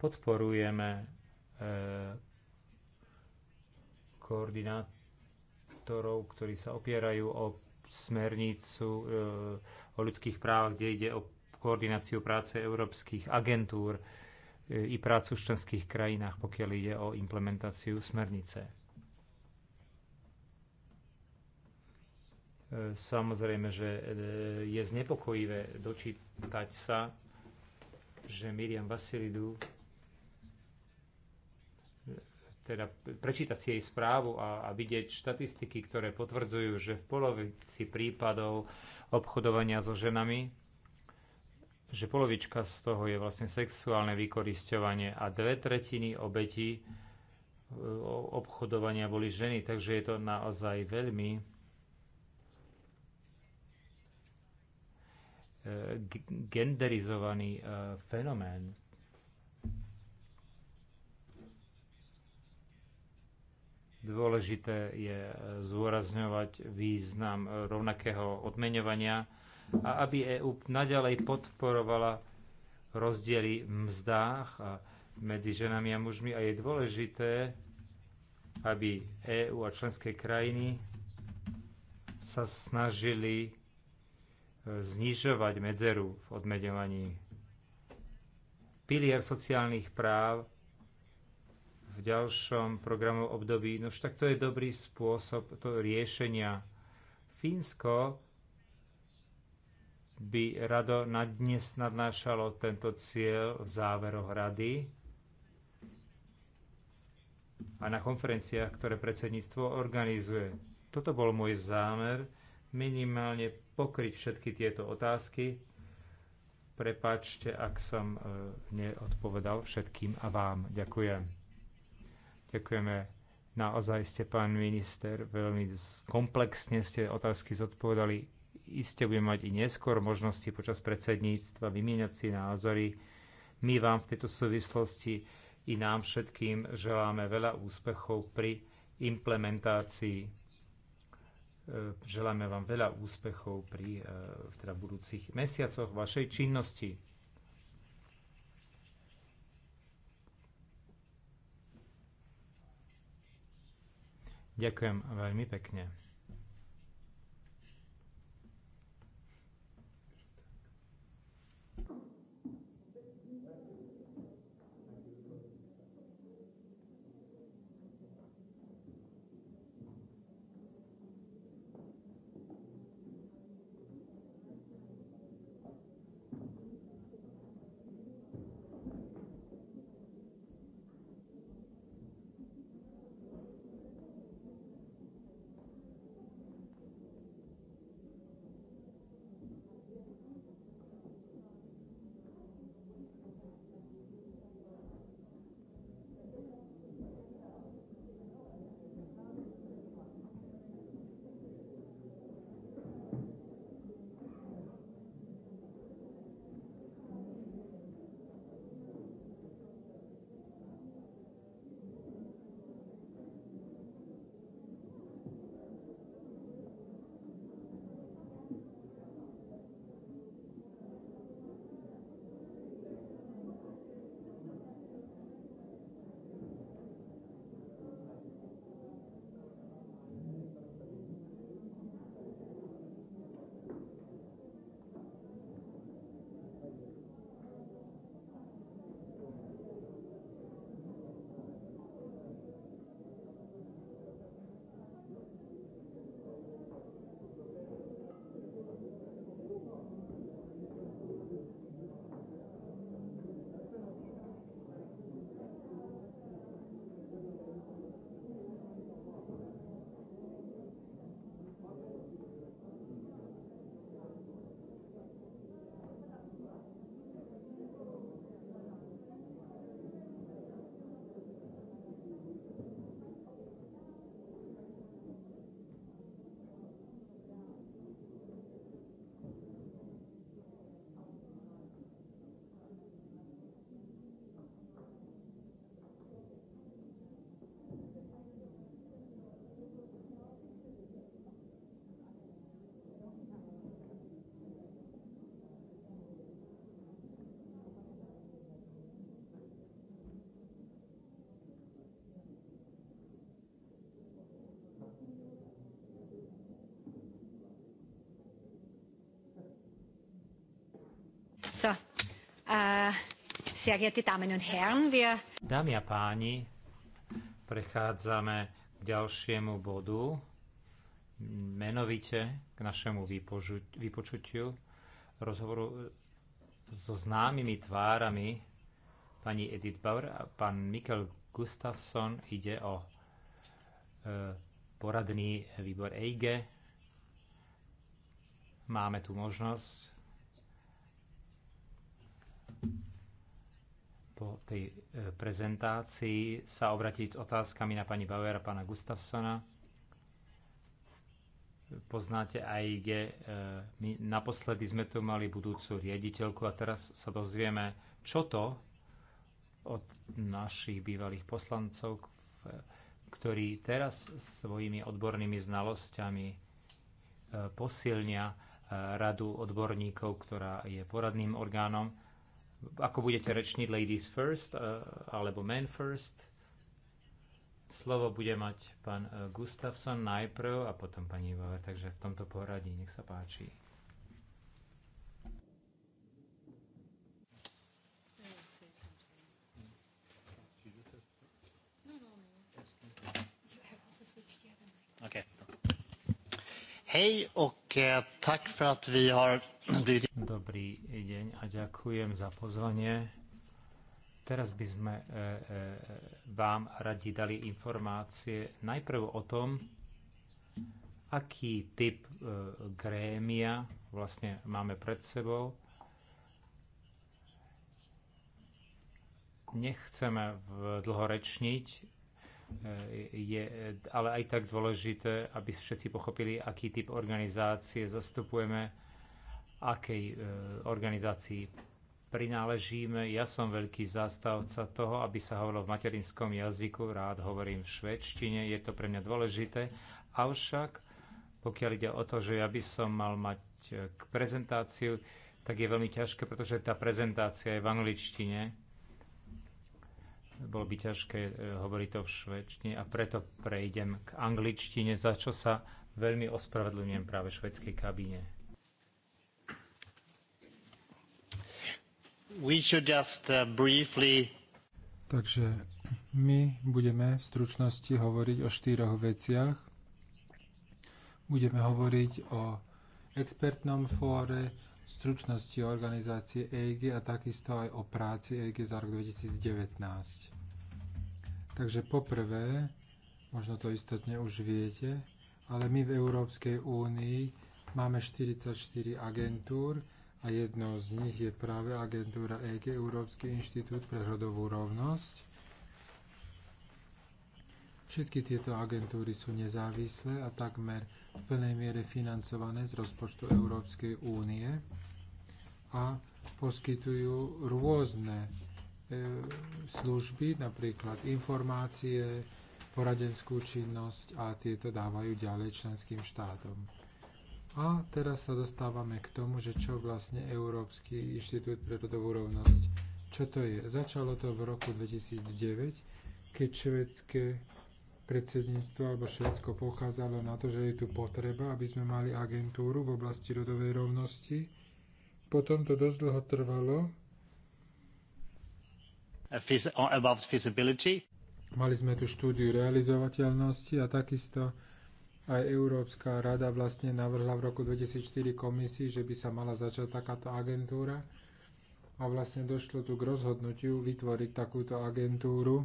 Podporujeme e, koordinátorov, ktorí sa opierajú o smernicu e, o ľudských právach, kde ide o koordináciu práce európskych agentúr, i prácu v členských krajinách, pokiaľ ide o implementáciu smernice. E, samozrejme, že e, je znepokojivé dočítať sa, že Miriam Vasilidu e, teda prečítať si jej správu a, a vidieť štatistiky, ktoré potvrdzujú, že v polovici prípadov obchodovania so ženami že polovička z toho je vlastne sexuálne vykorisťovanie a dve tretiny obetí e, obchodovania boli ženy, takže je to naozaj veľmi e, genderizovaný e, fenomén. Dôležité je zdôrazňovať význam rovnakého odmeňovania a aby EÚ naďalej podporovala rozdiely v mzdách medzi ženami a mužmi a je dôležité, aby EÚ a členské krajiny sa snažili e, znižovať medzeru v odmeňovaní. Pilier sociálnych práv v ďalšom programovom období, no však to je dobrý spôsob to riešenia. Fínsko by rado na dnes nadnášalo tento cieľ v záveroch rady a na konferenciách, ktoré predsedníctvo organizuje. Toto bol môj zámer, minimálne pokryť všetky tieto otázky. Prepačte, ak som e, neodpovedal všetkým a vám. Ďakujem. Ďakujeme naozaj ste, pán minister, veľmi komplexne ste otázky zodpovedali Iste budeme mať i neskôr možnosti počas predsedníctva vymieňať si názory. My vám v tejto súvislosti i nám všetkým želáme veľa úspechov pri implementácii. E, želáme vám veľa úspechov pri e, teda budúcich mesiacoch vašej činnosti. Ďakujem veľmi pekne. So, uh, sehr geehrte Damen und Herren, wir... Dámy a páni, prechádzame k ďalšiemu bodu, menovite k našemu vypočutiu rozhovoru so známymi tvárami pani Edith Bauer a pán Mikkel Gustafsson ide o e, poradný výbor EIGE. Máme tu možnosť po tej e, prezentácii sa obratiť s otázkami na pani Bauer a pána Gustafsona. Poznáte AIG. E, my naposledy sme tu mali budúcu riaditeľku a teraz sa dozvieme, čo to od našich bývalých poslancov, e, ktorí teraz svojimi odbornými znalosťami posilnia radu odborníkov, ktorá je poradným orgánom, ako budete rečniť ladies first alebo men first. Slovo bude mať pán e, Gustafsson najprv a potom pani Bauer, takže v tomto poradí, nech sa páči. Okay. Hej och tack för att vi har Dobrý deň a ďakujem za pozvanie. Teraz by sme e, e, vám radi dali informácie najprv o tom, aký typ e, grémia vlastne máme pred sebou. Nechceme dlho rečniť, je ale aj tak dôležité, aby všetci pochopili, aký typ organizácie zastupujeme akej e, organizácii prináležíme. Ja som veľký zástavca toho, aby sa hovorilo v materinskom jazyku, rád hovorím v švedštine, je to pre mňa dôležité. Avšak, pokiaľ ide o to, že ja by som mal mať e, k prezentáciu, tak je veľmi ťažké, pretože tá prezentácia je v angličtine. Bolo by ťažké e, hovoriť to v švedčine a preto prejdem k angličtine, za čo sa veľmi ospravedlňujem práve švedskej kabíne. we should just uh, briefly... Takže my budeme v stručnosti hovoriť o štyroch veciach. Budeme hovoriť o expertnom fóre, stručnosti organizácie EG a takisto aj o práci EG za rok 2019. Takže poprvé, možno to istotne už viete, ale my v Európskej únii máme 44 agentúr, a jednou z nich je práve agentúra EG, Európsky inštitút pre rodovú rovnosť. Všetky tieto agentúry sú nezávislé a takmer v plnej miere financované z rozpočtu Európskej únie a poskytujú rôzne e, služby, napríklad informácie, poradenskú činnosť a tieto dávajú ďalej členským štátom. A teraz sa dostávame k tomu, že čo vlastne Európsky inštitút pre rodovú rovnosť, čo to je. Začalo to v roku 2009, keď švedské predsedníctvo alebo Švedsko poukázalo na to, že je tu potreba, aby sme mali agentúru v oblasti rodovej rovnosti. Potom to dosť dlho trvalo. Mali sme tu štúdiu realizovateľnosti a takisto aj Európska rada vlastne navrhla v roku 2004 komisii, že by sa mala začať takáto agentúra a vlastne došlo tu k rozhodnutiu vytvoriť takúto agentúru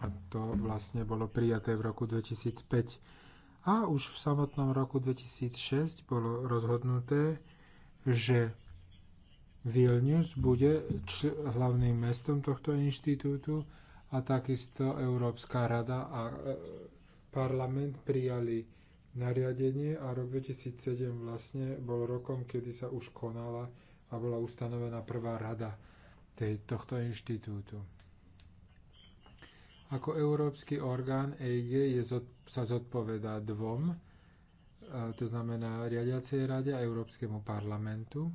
a to vlastne bolo prijaté v roku 2005. A už v samotnom roku 2006 bolo rozhodnuté, že Vilnius bude hlavným mestom tohto inštitútu a takisto Európska rada a e, parlament prijali nariadenie a rok 2007 vlastne bol rokom, kedy sa už konala a bola ustanovená prvá rada tej, tohto inštitútu. Ako európsky orgán EIG je, sa zodpovedá dvom, e, to znamená riadiacej rade a Európskemu parlamentu.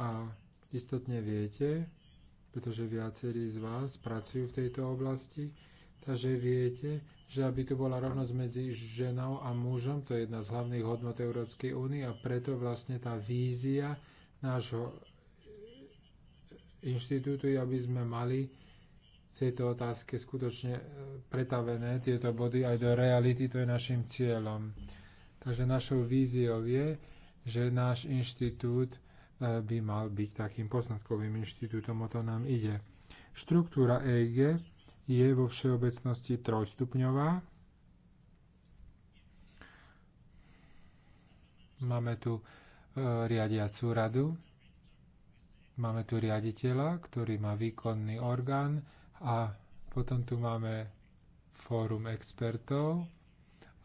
A istotne viete, pretože viacerí z vás pracujú v tejto oblasti, takže viete, že aby tu bola rovnosť medzi ženou a mužom, to je jedna z hlavných hodnot Európskej únie a preto vlastne tá vízia nášho inštitútu je, aby sme mali v tejto otázke skutočne e, pretavené tieto body aj do reality, to je našim cieľom. Takže našou víziou je, že náš inštitút E, by mal byť takým poznatkovým inštitútom, o to nám ide. Štruktúra EG je vo všeobecnosti trojstupňová. Máme tu e, riadiacu radu, máme tu riaditeľa, ktorý má výkonný orgán a potom tu máme fórum expertov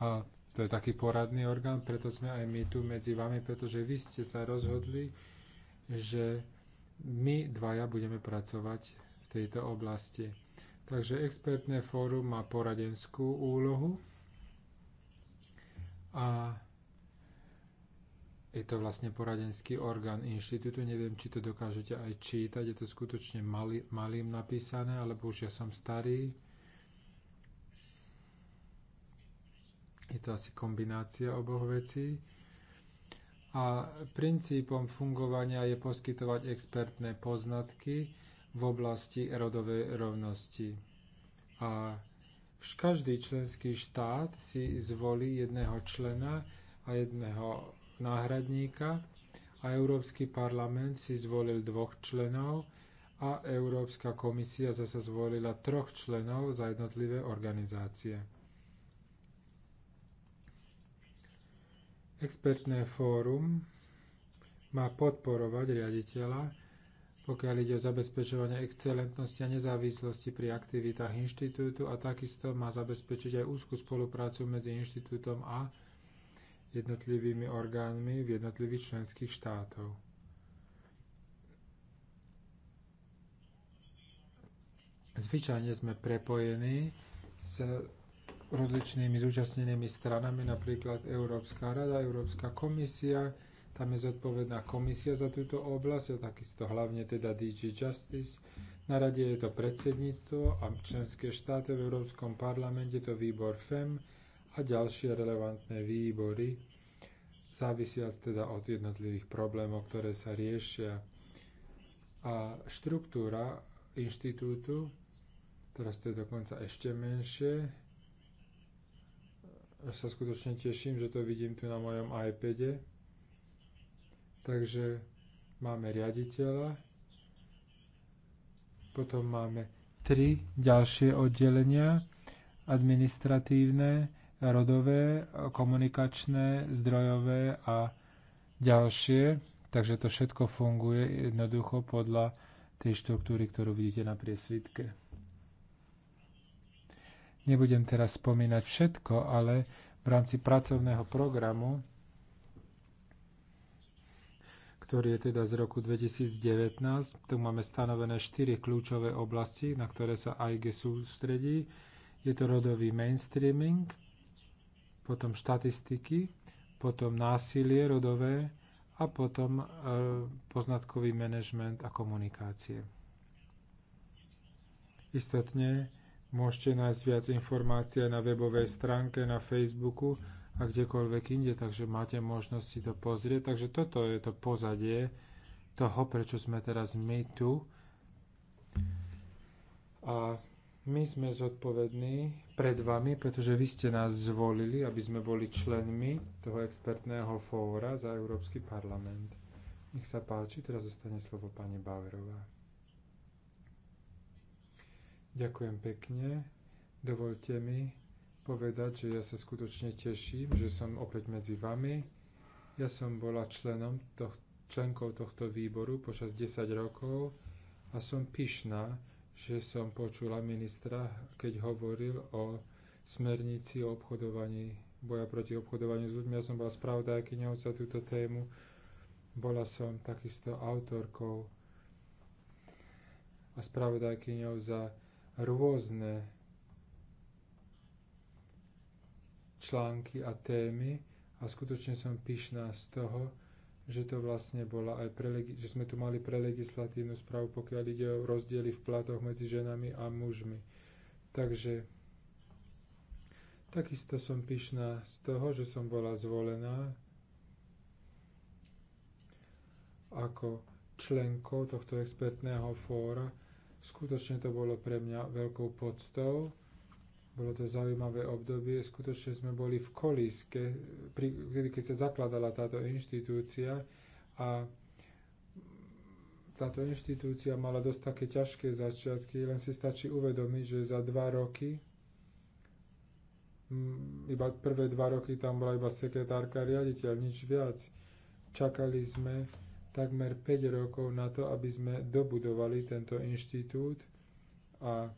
a to je taký poradný orgán, preto sme aj my tu medzi vami, pretože vy ste sa rozhodli, že my dvaja budeme pracovať v tejto oblasti. Takže expertné fórum má poradenskú úlohu a je to vlastne poradenský orgán inštitútu. Neviem, či to dokážete aj čítať. Je to skutočne mali, malým napísané, alebo už ja som starý. Je to asi kombinácia oboch vecí a princípom fungovania je poskytovať expertné poznatky v oblasti rodovej rovnosti. A každý členský štát si zvolí jedného člena a jedného náhradníka a Európsky parlament si zvolil dvoch členov a Európska komisia zase zvolila troch členov za jednotlivé organizácie. Expertné fórum má podporovať riaditeľa, pokiaľ ide o zabezpečovanie excelentnosti a nezávislosti pri aktivitách inštitútu a takisto má zabezpečiť aj úzku spoluprácu medzi inštitútom a jednotlivými orgánmi v jednotlivých členských štátov. Zvyčajne sme prepojení s rozličnými zúčastnenými stranami, napríklad Európska rada, Európska komisia, tam je zodpovedná komisia za túto oblasť a takisto hlavne teda DG Justice. Na rade je to predsedníctvo a členské štáty v Európskom parlamente to výbor FEM a ďalšie relevantné výbory, závisiac teda od jednotlivých problémov, ktoré sa riešia. A štruktúra inštitútu, teraz to je dokonca ešte menšie, sa skutočne teším, že to vidím tu na mojom iPade. Takže máme riaditeľa, potom máme tri ďalšie oddelenia, administratívne, rodové, komunikačné, zdrojové a ďalšie. Takže to všetko funguje jednoducho podľa tej štruktúry, ktorú vidíte na priesvitke. Nebudem teraz spomínať všetko, ale v rámci pracovného programu, ktorý je teda z roku 2019, tu máme stanovené štyri kľúčové oblasti, na ktoré sa AIG sústredí. Je to rodový mainstreaming, potom štatistiky, potom násilie rodové a potom e, poznatkový manažment a komunikácie. Istotne Môžete nájsť viac informácií na webovej stránke, na Facebooku a kdekoľvek inde, takže máte možnosť si to pozrieť. Takže toto je to pozadie toho, prečo sme teraz my tu. A my sme zodpovední pred vami, pretože vy ste nás zvolili, aby sme boli členmi toho expertného fóra za Európsky parlament. Nech sa páči, teraz zostane slovo pani Bauerová. Ďakujem pekne. Dovolte mi povedať, že ja sa skutočne teším, že som opäť medzi vami. Ja som bola členom toh, členkou tohto výboru počas 10 rokov a som pyšná, že som počula ministra, keď hovoril o smernici o obchodovaní, boja proti obchodovaniu s ľuďmi. Ja som bola spravodajkyňou za túto tému. Bola som takisto autorkou a spravodajkyňou za rôzne články a témy a skutočne som pyšná z toho, že to vlastne bola aj pre, že sme tu mali pre legislatívnu správu, pokiaľ ide o rozdiely v platoch medzi ženami a mužmi. Takže takisto som pyšná z toho, že som bola zvolená ako členkou tohto expertného fóra, Skutočne to bolo pre mňa veľkou poctou. Bolo to zaujímavé obdobie. Skutočne sme boli v kolíske, keď sa zakladala táto inštitúcia a táto inštitúcia mala dosť také ťažké začiatky, len si stačí uvedomiť, že za dva roky, iba prvé dva roky tam bola iba sekretárka riaditeľ, nič viac. Čakali sme, takmer 5 rokov na to, aby sme dobudovali tento inštitút a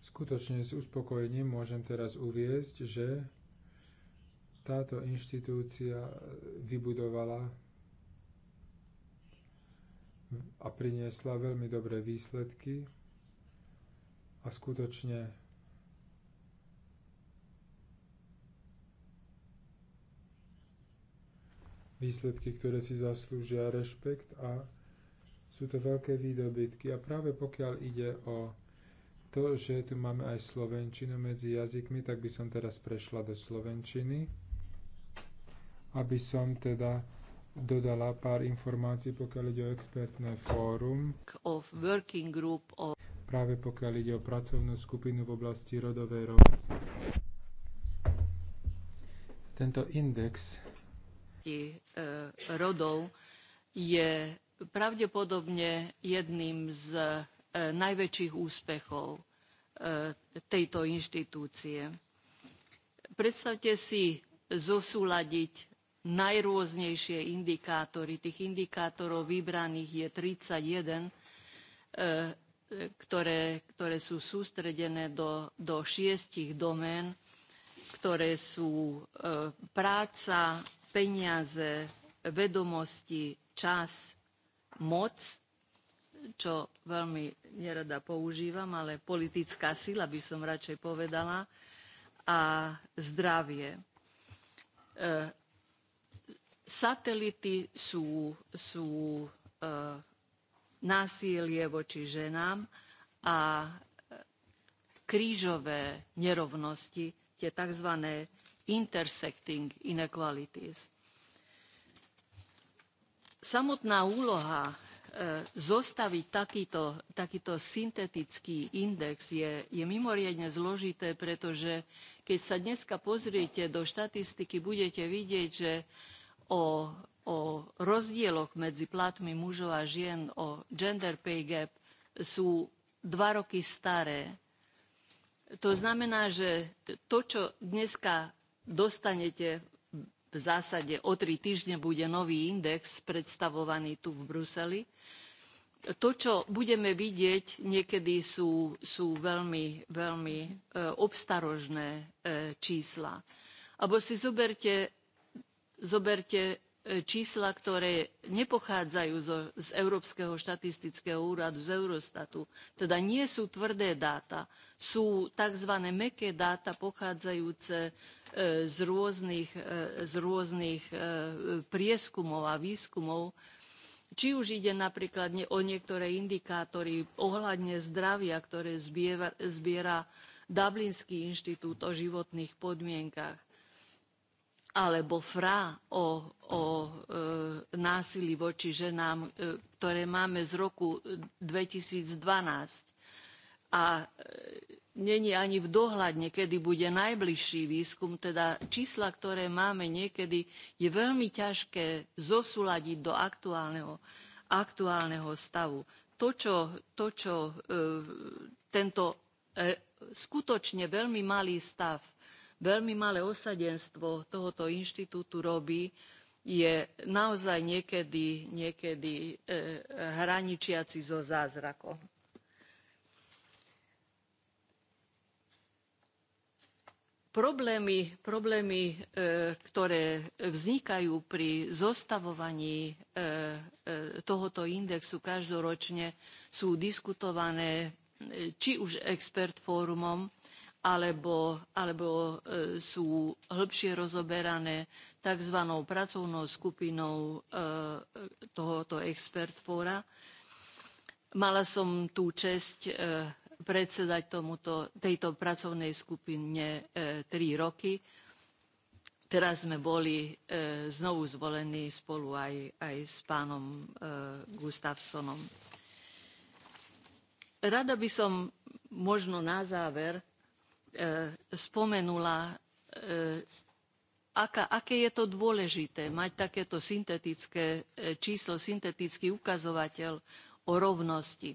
skutočne s uspokojením môžem teraz uviezť, že táto inštitúcia vybudovala a priniesla veľmi dobré výsledky a skutočne výsledky, ktoré si zaslúžia rešpekt a sú to veľké výdobytky. A práve pokiaľ ide o to, že tu máme aj slovenčinu medzi jazykmi, tak by som teraz prešla do slovenčiny, aby som teda dodala pár informácií, pokiaľ ide o expertné fórum. Of working group of... Práve pokiaľ ide o pracovnú skupinu v oblasti rodovej rovnosti. Tento index rovnosti e, rodov je pravdepodobne jedným z e, najväčších úspechov e, tejto inštitúcie. Predstavte si zosúladiť najrôznejšie indikátory. Tých indikátorov vybraných je 31, ktoré, ktoré sú sústredené do, do šiestich domén, ktoré sú práca, peniaze, vedomosti, čas, moc, čo veľmi nerada používam, ale politická sila by som radšej povedala, a zdravie. E, satelity sú, sú e, násilie voči ženám a krížové nerovnosti, tie tzv intersecting inequalities. Samotná úloha e, zostaviť takýto, takýto syntetický index je, je mimoriadne zložité, pretože keď sa dneska pozriete do štatistiky, budete vidieť, že o, o rozdieloch medzi platmi mužov a žien, o gender pay gap sú dva roky staré. To znamená, že to, čo dneska dostanete v zásade o tri týždne bude nový index predstavovaný tu v Bruseli. To, čo budeme vidieť, niekedy sú, sú veľmi, veľmi e, obstarožné e, čísla. Abo si zoberte, zoberte e, čísla, ktoré nepochádzajú zo, z Európskeho štatistického úradu, z Eurostatu, teda nie sú tvrdé dáta, sú tzv. meké dáta pochádzajúce E, z rôznych, e, z rôznych e, prieskumov a výskumov, či už ide napríklad o niektoré indikátory ohľadne zdravia, ktoré zbiera Dublinský inštitút o životných podmienkach, alebo FRA o, o e, násilí voči ženám, e, ktoré máme z roku 2012. A není ani v dohľadne, kedy bude najbližší výskum, teda čísla, ktoré máme niekedy, je veľmi ťažké zosúladiť do aktuálneho, aktuálneho stavu. To, čo, to, čo e, tento e, skutočne veľmi malý stav, veľmi malé osadenstvo tohoto inštitútu robí, je naozaj niekedy, niekedy e, hraničiaci so zázrakom. problémy, problémy e, ktoré vznikajú pri zostavovaní e, e, tohoto indexu každoročne, sú diskutované či už expert fórumom, alebo, alebo sú hĺbšie rozoberané tzv. pracovnou skupinou tohoto expert fóra. Mala som tú česť predsedať tomuto, tejto pracovnej skupine e, tri roky. Teraz sme boli e, znovu zvolení spolu aj, aj s pánom e, Gustafsonom. Rada by som možno na záver spomenula, aká, aké je to dôležité mať takéto syntetické číslo, syntetický ukazovateľ o rovnosti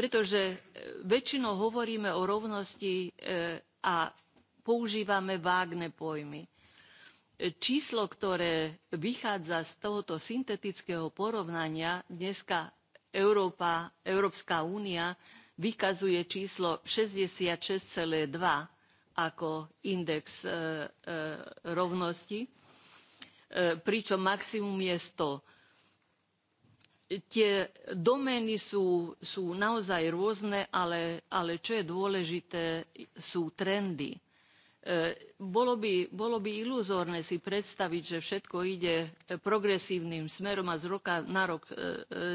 pretože e, väčšinou hovoríme o rovnosti e, a používame vágne pojmy. E, číslo, ktoré vychádza z tohoto syntetického porovnania, dneska Európa, Európska únia vykazuje číslo 66,2 ako index rovnosti, pričom maximum je 100 tie domény sú, sú naozaj rôzne, ale, ale čo je dôležité, sú trendy. E, bolo by, bolo by iluzórne si predstaviť, že všetko ide progresívnym smerom a z roka na rok e, e,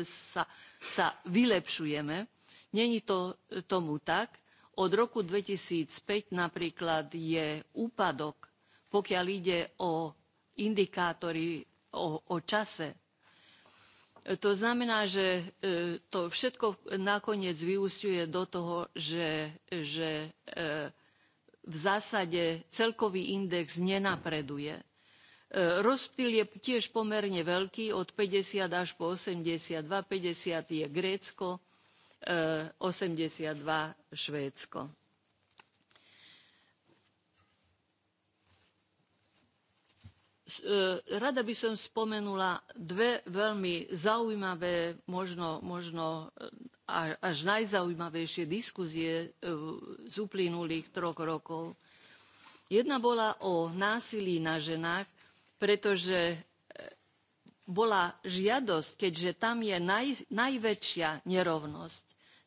sa, sa vylepšujeme. Není to tomu tak. Od roku 2005 napríklad je úpadok, pokiaľ ide o indikátory o, o čase to znamená, že e, to všetko nakoniec vyústiuje do toho, že, že e, v zásade celkový index nenapreduje. E, rozptyl je tiež pomerne veľký, od 50 až po 82. 50 je Grécko, 82 Švédsko E, rada by som spomenula dve veľmi zaujímavé, možno, možno e, až najzaujímavejšie diskuzie e, z uplynulých troch rokov. Jedna bola o násilí na ženách, pretože bola žiadosť, keďže tam je naj, najväčšia nerovnosť.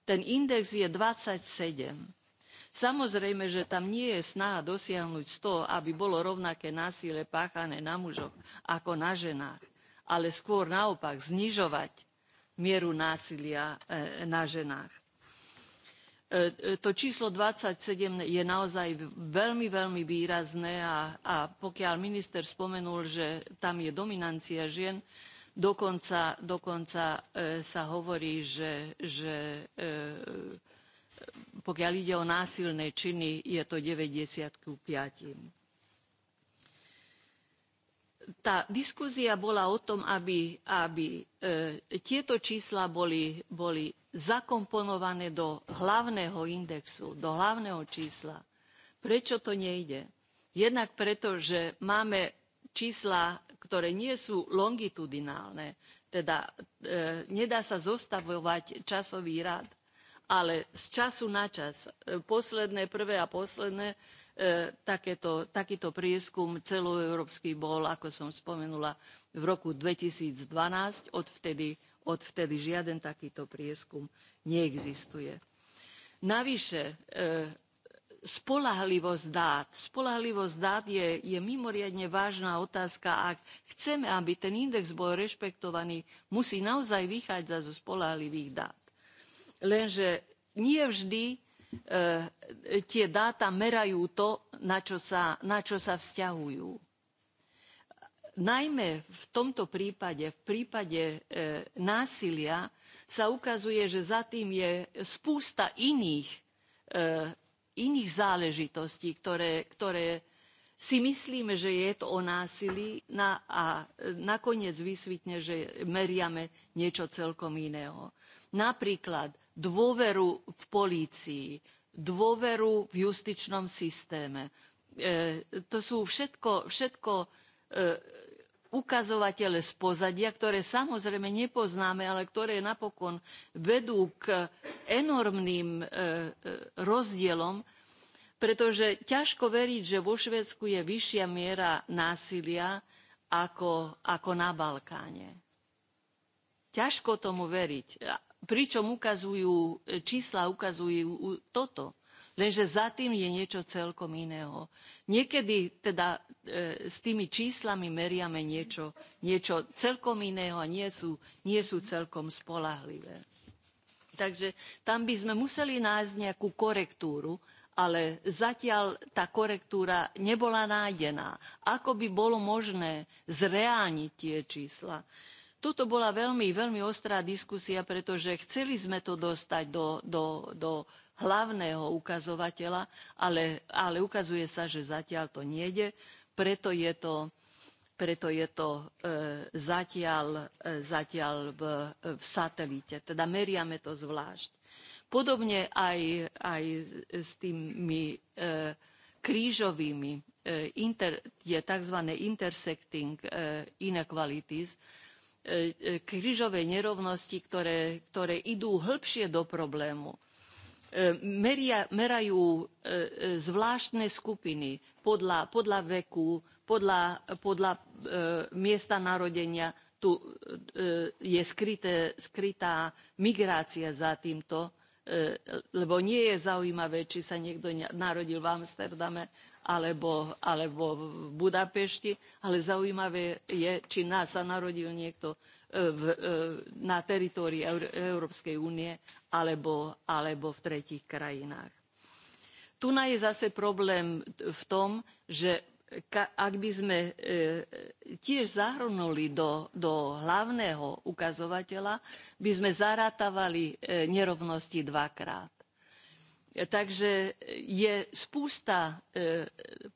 Ten index je 27 Samozrejme, že tam nie je snaha dosiahnuť to, aby bolo rovnaké násilie páchané na mužoch ako na ženách, ale skôr naopak znižovať mieru násilia e, na ženách. E, e, to číslo 27 je naozaj veľmi, veľmi výrazné a, a pokiaľ minister spomenul, že tam je dominancia žien, dokonca, dokonca sa hovorí, že, že pokiaľ ide o násilné činy, je to 90 ku 5 tá diskúzia bola o tom, aby, aby e, tieto čísla boli, boli, zakomponované do hlavného indexu, do hlavného čísla. Prečo to nejde? Jednak preto, že máme čísla, ktoré nie sú longitudinálne, teda e, nedá sa zostavovať časový rad ale z času na čas, e, posledné, prvé a posledné, e, takéto, takýto prieskum celoeurópsky bol, ako som spomenula, v roku 2012. Odvtedy, odvtedy žiaden takýto prieskum neexistuje. Navyše, e, spolahlivosť dát. Spolahlivosť dát je, je mimoriadne vážna otázka. Ak chceme, aby ten index bol rešpektovaný, musí naozaj vychádzať zo spolahlivých dát lenže nie vždy eh, tie dáta merajú to, na čo sa, na čo sa vzťahujú. Najmä v tomto prípade, v prípade eh, násilia, sa ukazuje, že za tým je spústa iných, eh, iných záležitostí, ktoré, ktoré si myslíme, že je to o násilí na, a nakoniec vysvitne, že meriame niečo celkom iného. Napríklad dôveru v polícii, dôveru v justičnom systéme. E, to sú všetko, všetko e, ukazovatele z pozadia, ktoré samozrejme nepoznáme, ale ktoré napokon vedú k enormným e, e rozdielom, pretože ťažko veriť, že vo Švedsku je vyššia miera násilia ako, ako na Balkáne. Ťažko tomu veriť pričom ukazujú, e, čísla ukazujú toto. Lenže za tým je niečo celkom iného. Niekedy teda e, s tými číslami meriame niečo, niečo celkom iného a nie sú, nie sú celkom spolahlivé. Takže tam by sme museli nájsť nejakú korektúru, ale zatiaľ tá korektúra nebola nájdená. Ako by bolo možné zreániť tie čísla? Toto bola veľmi, veľmi ostrá diskusia, pretože chceli sme to dostať do, do, do hlavného ukazovateľa, ale, ale, ukazuje sa, že zatiaľ to nejde, preto je to, preto je to e, zatiaľ, e, zatiaľ v, e, v satelite, teda meriame to zvlášť. Podobne aj, aj s tými e, krížovými, e, inter, je tzv. intersecting e, inequalities, krížovej nerovnosti, ktoré, ktoré idú hĺbšie do problému. E, meria, merajú e, e, zvláštne skupiny podľa, podľa veku, podľa, podľa miesta narodenia. Tu je skryté, skrytá migrácia za týmto lebo nie je zaujímavé či sa niekto narodil v amsterdame alebo, alebo v Budapešti, ale zaujímavé je, či nás sa narodil niekto e, v, e, na teritórii Európskej únie alebo, alebo v tretích krajinách. Tu je zase problém v tom, že ak by sme e, tiež zahrnuli do, do hlavného ukazovateľa, by sme zarátavali nerovnosti dvakrát Takže je spústa e,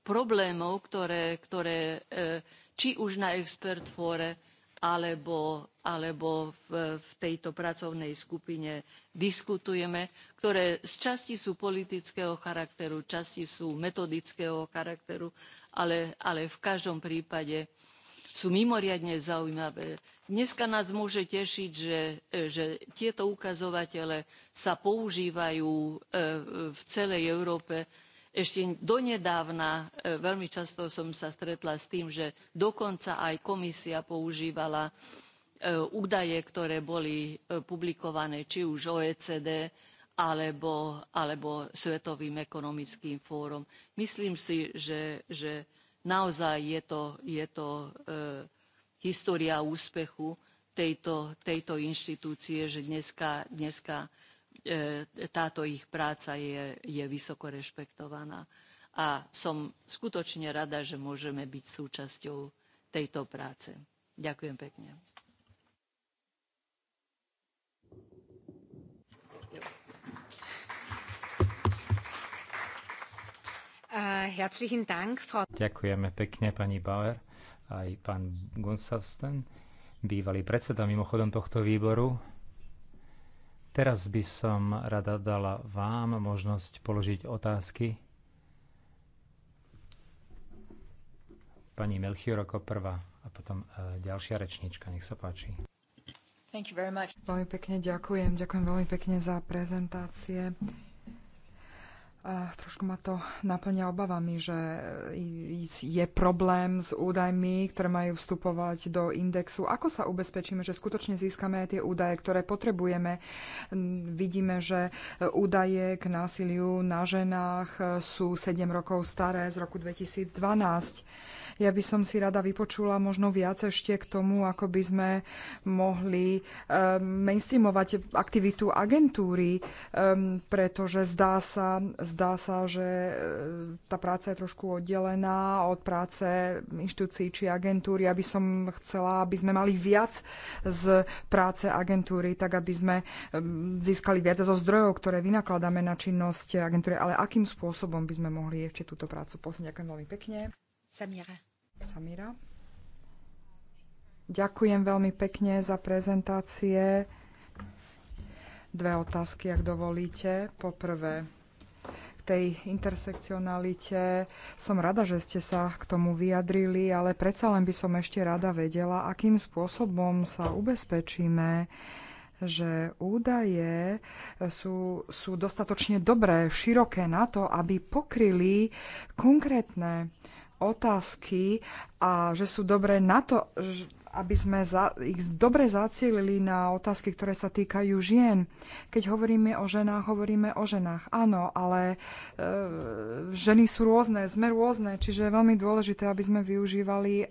problémov, ktoré, ktoré e, či už na expert fóre, alebo, alebo v, v tejto pracovnej skupine diskutujeme, ktoré z časti sú politického charakteru, časti sú metodického charakteru, ale, ale v každom prípade sú mimoriadne zaujímavé. Dneska nás môže tešiť, že, e, že tieto ukazovatele sa používajú e, v celej Európe. Ešte donedávna e, veľmi často som sa stretla s tým, že dokonca aj komisia používala údaje, ktoré boli publikované či už OECD, alebo, alebo Svetovým ekonomickým fórom. Myslím si, že, že naozaj je to, je to e, história úspechu tejto, tejto inštitúcie, že dneska, dneska e, táto ich práca je, je vysoko rešpektovaná. A som skutočne rada, že môžeme byť súčasťou tejto práce. Ďakujem pekne. Ďakujeme pekne, pani Bauer, aj pán Gunsavsten, bývalý predseda mimochodom tohto výboru. Teraz by som rada dala vám možnosť položiť otázky. Pani Melchior ako prvá a potom e, ďalšia rečnička, nech sa páči. Veľmi pekne ďakujem, ďakujem veľmi pekne za prezentácie. A trošku ma to naplňa obavami, že je problém s údajmi, ktoré majú vstupovať do indexu. Ako sa ubezpečíme, že skutočne získame tie údaje, ktoré potrebujeme? Vidíme, že údaje k násiliu na ženách sú 7 rokov staré z roku 2012. Ja by som si rada vypočula možno viac ešte k tomu, ako by sme mohli ehm, mainstreamovať aktivitu agentúry, ehm, pretože zdá sa, zdá sa, že e, tá práca je trošku oddelená od práce inštitúcií či agentúry. Aby som chcela, aby sme mali viac z práce agentúry, tak aby sme e, získali viac zo zdrojov, ktoré vynakladáme na činnosť agentúry. Ale akým spôsobom by sme mohli ešte túto prácu posunúť? Ďakujem veľmi pekne. Samira. Samira. Ďakujem veľmi pekne za prezentácie dve otázky, ak dovolíte. Poprvé, tej intersekcionalite. Som rada, že ste sa k tomu vyjadrili, ale predsa len by som ešte rada vedela, akým spôsobom sa ubezpečíme, že údaje sú, sú dostatočne dobré, široké na to, aby pokryli konkrétne otázky a že sú dobré na to, aby sme za, ich dobre zacielili na otázky, ktoré sa týkajú žien. Keď hovoríme o ženách, hovoríme o ženách. Áno, ale e, ženy sú rôzne, sme rôzne, čiže je veľmi dôležité, aby sme využívali e,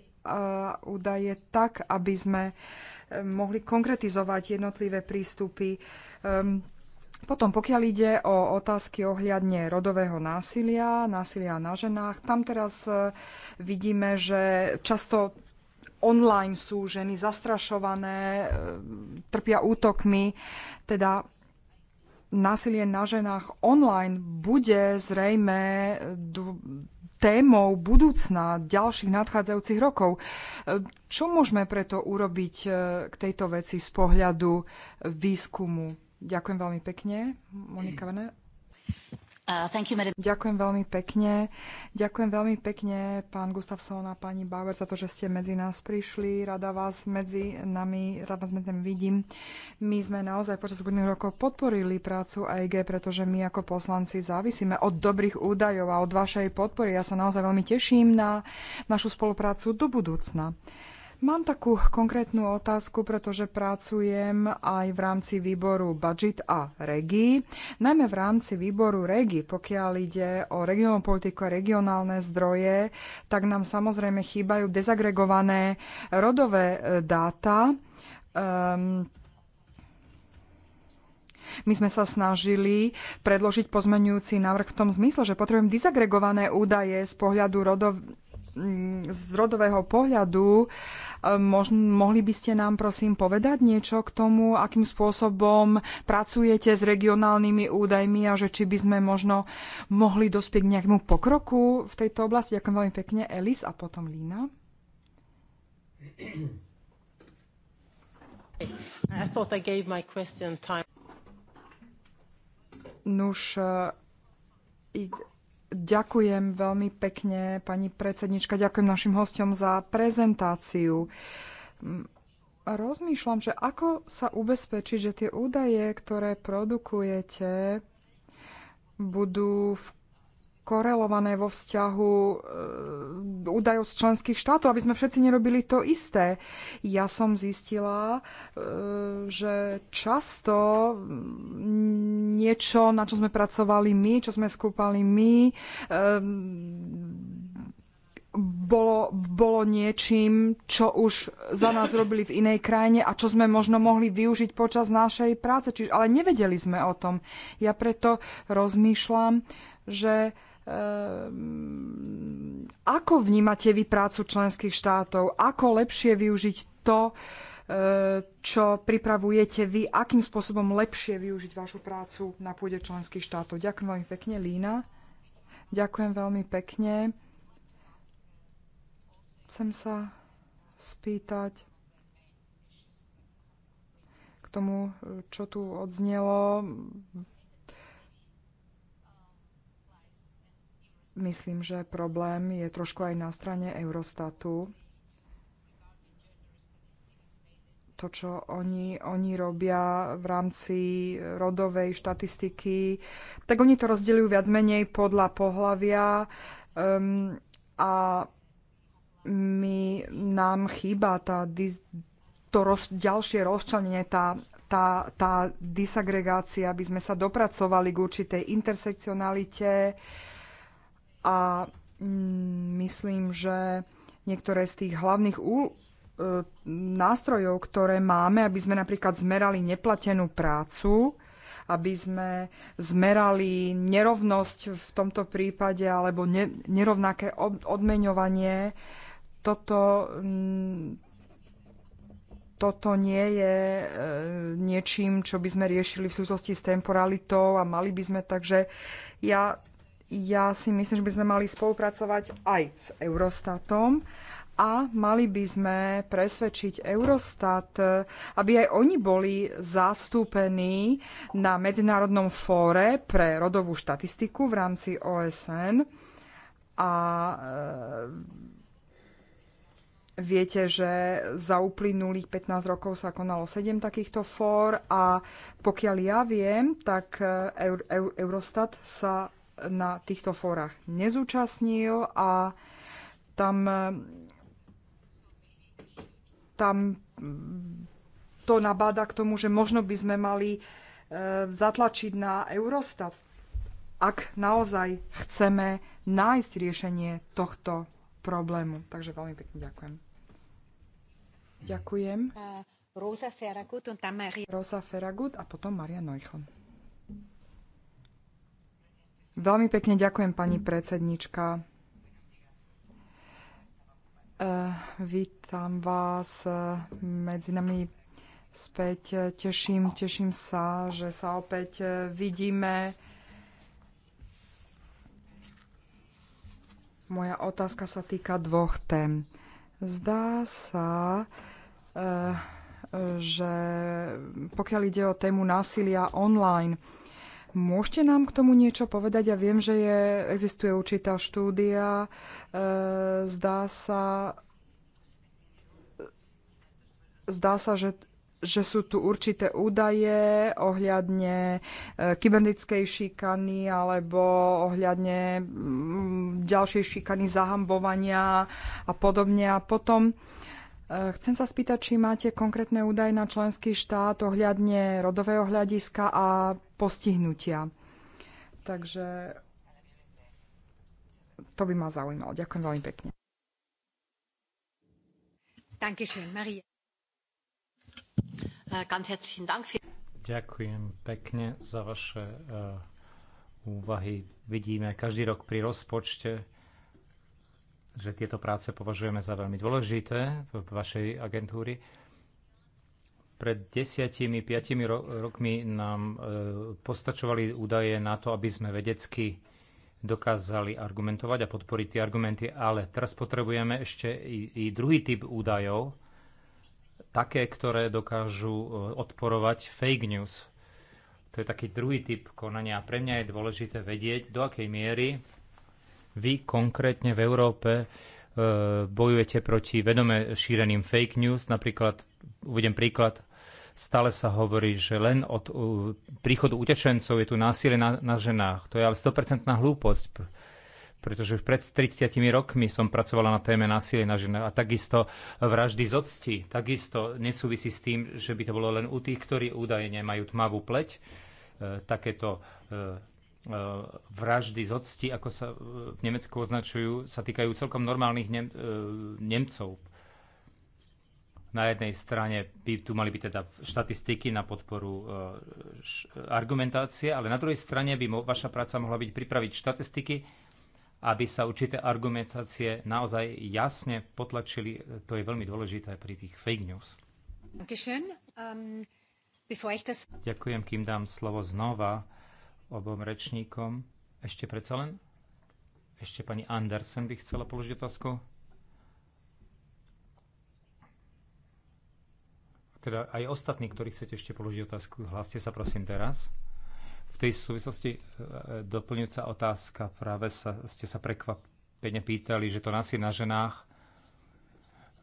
údaje tak, aby sme e, mohli konkretizovať jednotlivé prístupy. E, potom, pokiaľ ide o otázky ohľadne rodového násilia, násilia na ženách, tam teraz e, vidíme, že často online sú ženy zastrašované, e, trpia útokmi. Teda násilie na ženách online bude zrejme e, témou budúcna ďalších nadchádzajúcich rokov. E, čo môžeme preto urobiť k tejto veci z pohľadu výskumu? Ďakujem veľmi pekne, Monika Vener. Uh, Ďakujem veľmi pekne. Ďakujem veľmi pekne, pán Gustafsson a pani Bauer, za to, že ste medzi nás prišli. Rada vás medzi nami, rada vás medzi nami vidím. My sme naozaj počas úplných rokov podporili prácu AIG, pretože my ako poslanci závisíme od dobrých údajov a od vašej podpory. Ja sa naozaj veľmi teším na našu spoluprácu do budúcna. Mám takú konkrétnu otázku, pretože pracujem aj v rámci výboru Budget a Regi. Najmä v rámci výboru Regi, pokiaľ ide o regionálnu politiku a regionálne zdroje, tak nám samozrejme chýbajú dezagregované rodové e, dáta. Um, my sme sa snažili predložiť pozmenujúci návrh v tom zmysle, že potrebujem dizagregované údaje z pohľadu rodov, Mm, z rodového pohľadu. Eh, mož, mohli by ste nám prosím povedať niečo k tomu, akým spôsobom pracujete s regionálnymi údajmi a že či by sme možno mohli dospieť k nejakému pokroku v tejto oblasti? Ďakujem veľmi pekne. Elis a potom Lína. I thought I gave my question time. Nuž, eh, Ďakujem veľmi pekne, pani predsednička. Ďakujem našim hostom za prezentáciu. Rozmýšľam, že ako sa ubezpečiť, že tie údaje, ktoré produkujete, budú v korelované vo vzťahu e, údajov z členských štátov, aby sme všetci nerobili to isté. Ja som zistila, e, že často niečo, na čo sme pracovali my, čo sme skúpali my, e, bolo, bolo niečím, čo už za nás robili v inej krajine a čo sme možno mohli využiť počas našej práce. Čiže, ale nevedeli sme o tom. Ja preto rozmýšľam, že Ehm, ako vnímate vy prácu členských štátov? Ako lepšie využiť to, ehm, čo pripravujete vy? Akým spôsobom lepšie využiť vašu prácu na pôde členských štátov? Ďakujem veľmi pekne, Lína. Ďakujem veľmi pekne. Chcem sa spýtať k tomu, čo tu odznelo. Myslím, že problém je trošku aj na strane Eurostatu. To, čo oni, oni robia v rámci rodovej štatistiky, tak oni to rozdeľujú viac menej podľa pohlavia um, a my, nám chýba tá, to roz, ďalšie rozčlenenie, tá tá, tá disagregácia, aby sme sa dopracovali k určitej intersekcionalite, a mm, myslím, že niektoré z tých hlavných úl e, nástrojov, ktoré máme, aby sme napríklad zmerali neplatenú prácu, aby sme zmerali nerovnosť v tomto prípade alebo ne, nerovnaké odmeňovanie. Toto, mm, toto nie je e, niečím, čo by sme riešili v súvislosti s temporalitou a mali by sme. Takže ja ja si myslím, že by sme mali spolupracovať aj s Eurostatom a mali by sme presvedčiť Eurostat, aby aj oni boli zastúpení na Medzinárodnom fóre pre rodovú štatistiku v rámci OSN. A e, Viete, že za uplynulých 15 rokov sa konalo 7 takýchto fór a pokiaľ ja viem, tak e, Eurostat sa na týchto fórach nezúčastnil a tam, tam to nabáda k tomu, že možno by sme mali e, zatlačiť na Eurostat, ak naozaj chceme nájsť riešenie tohto problému. Takže veľmi pekne ďakujem. Ďakujem. Rosa Ferragut a potom Maria Neuchon. Veľmi pekne ďakujem, pani predsednička. Eh, vítam vás eh, medzi nami späť. Eh, teším, teším sa, že sa opäť vidíme. Moja otázka sa týka dvoch tém. Zdá sa, že pokiaľ ide o tému násilia online, Môžete nám k tomu niečo povedať? Ja viem, že je, existuje určitá štúdia. E, zdá sa, zdá sa, že že sú tu určité údaje ohľadne e, kybernetickej šikany alebo ohľadne ďalšej šikany zahambovania a podobne. A potom e, Chcem sa spýtať, či máte konkrétne údaje na členský štát ohľadne rodového hľadiska a postihnutia. Takže to by ma zaujímalo. Ďakujem veľmi pekne. Äh, Ďakujem pekne za vaše äh, úvahy. Vidíme každý rok pri rozpočte, že tieto práce považujeme za veľmi dôležité v vašej agentúry. Pred desiatimi, piatimi rokmi nám e, postačovali údaje na to, aby sme vedecky dokázali argumentovať a podporiť tie argumenty, ale teraz potrebujeme ešte i, i druhý typ údajov, také, ktoré dokážu e, odporovať fake news. To je taký druhý typ konania. Pre mňa je dôležité vedieť, do akej miery vy konkrétne v Európe e, bojujete proti vedome šíreným fake news. Napríklad, uvedem príklad, stále sa hovorí, že len od príchodu utečencov je tu násilie na, na ženách. To je ale 100% hlúposť, pretože pred 30 rokmi som pracovala na téme násilie na ženách a takisto vraždy z octi. Takisto nesúvisí s tým, že by to bolo len u tých, ktorí údajne majú tmavú pleť. E, takéto e, E, vraždy z ako sa e, v Nemecku označujú, sa týkajú celkom normálnych Nem, e, Nemcov. Na jednej strane by tu mali byť teda štatistiky na podporu argumentácie, ale na druhej strane by mo, vaša práca mohla byť pripraviť štatistiky, aby sa určité argumentácie naozaj jasne potlačili. To je veľmi dôležité pri tých fake news. Ähm, Ďakujem, kým dám slovo znova obom rečníkom. Ešte predsa len? Ešte pani Andersen by chcela položiť otázku. Teda aj ostatní, ktorí chcete ešte položiť otázku, hláste sa prosím teraz. V tej súvislosti e, e, doplňujúca otázka. Práve sa, ste sa prekvapene pýtali, že to nasi na ženách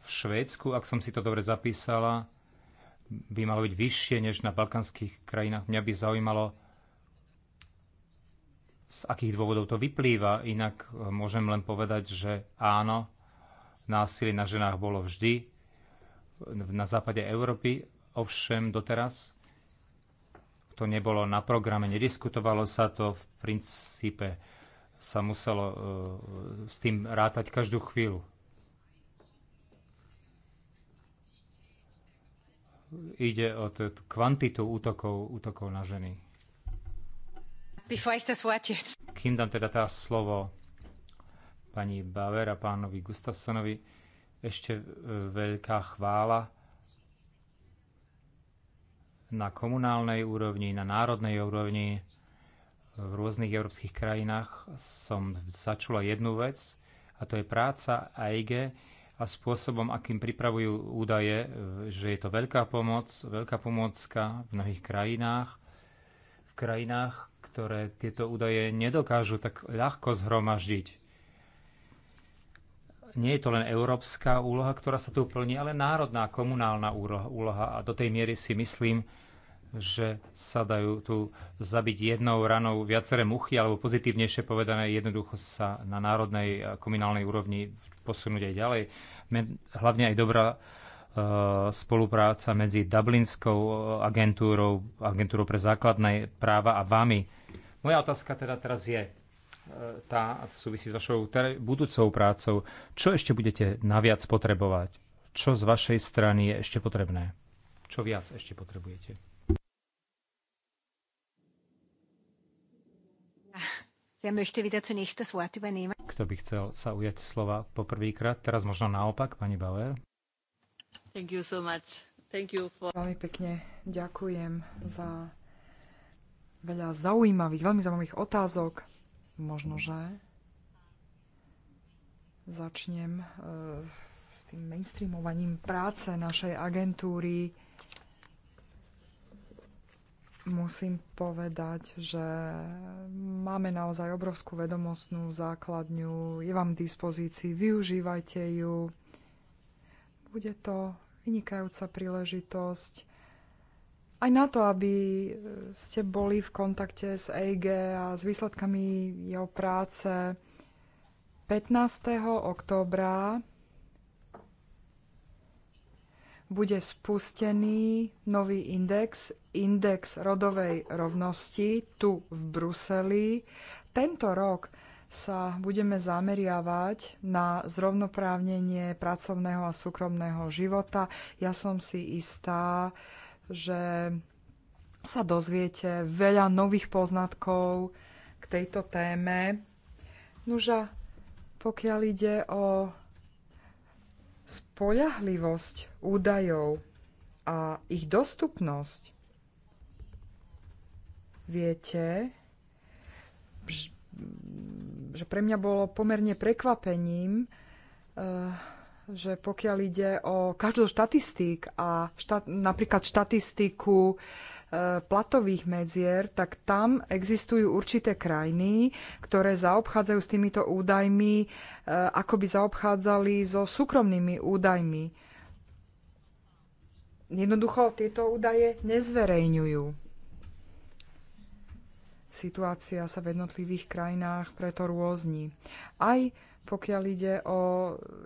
v Švédsku, ak som si to dobre zapísala, by malo byť vyššie než na balkanských krajinách. Mňa by zaujímalo, z akých dôvodov to vyplýva. Inak e, môžem len povedať, že áno, násilie na ženách bolo vždy na západe Európy, ovšem doteraz to nebolo na programe, nediskutovalo sa to, v princípe sa muselo e, s tým rátať každú chvíľu. Ide o kvantitu útokov, útokov na ženy. Kým dám teda tá slovo pani Baver a pánovi Gustafsonovi, ešte e, veľká chvála na komunálnej úrovni, na národnej úrovni, v rôznych európskych krajinách som začula jednu vec, a to je práca AIG a spôsobom, akým pripravujú údaje, že je to veľká pomoc, veľká pomocka v mnohých krajinách, v krajinách, ktoré tieto údaje nedokážu tak ľahko zhromaždiť. Nie je to len európska úloha, ktorá sa tu plní, ale národná, komunálna úloha. A do tej miery si myslím, že sa dajú tu zabiť jednou ranou viaceré muchy, alebo pozitívnejšie povedané, jednoducho sa na národnej a komunálnej úrovni posunúť aj ďalej. Hlavne aj dobrá e, spolupráca medzi Dublinskou e, agentúrou, agentúrou pre základné práva a vami. Moja otázka teda teraz je, e, tá súvisí s vašou budúcou prácou. Čo ešte budete naviac potrebovať? Čo z vašej strany je ešte potrebné? Čo viac ešte potrebujete? Kto by chcel sa ujať slova poprvýkrát? Teraz možno naopak, pani Bauer. Thank you so much. Thank you for... Veľmi pekne ďakujem za veľa zaujímavých, veľmi zaujímavých otázok. Možno, že začnem e, s tým mainstreamovaním práce našej agentúry. Musím povedať, že máme naozaj obrovskú vedomostnú základňu, je vám k dispozícii, využívajte ju. Bude to vynikajúca príležitosť aj na to, aby e, ste boli v kontakte s EIG a s výsledkami jeho práce 15. októbra bude spustený nový index, index rodovej rovnosti tu v Bruseli. Tento rok sa budeme zameriavať na zrovnoprávnenie pracovného a súkromného života. Ja som si istá, že sa dozviete veľa nových poznatkov k tejto téme. Nuža, pokiaľ ide o spoľahlivosť údajov a ich dostupnosť, viete, že pre mňa bolo pomerne prekvapením, eh, že pokiaľ ide o každú štatistík a štat, napríklad štatistiku e, platových medzier, tak tam existujú určité krajiny, ktoré zaobchádzajú s týmito údajmi, e, ako by zaobchádzali so súkromnými údajmi. Jednoducho tieto údaje nezverejňujú. Situácia sa v jednotlivých krajinách preto rôzni. Aj pokiaľ ide o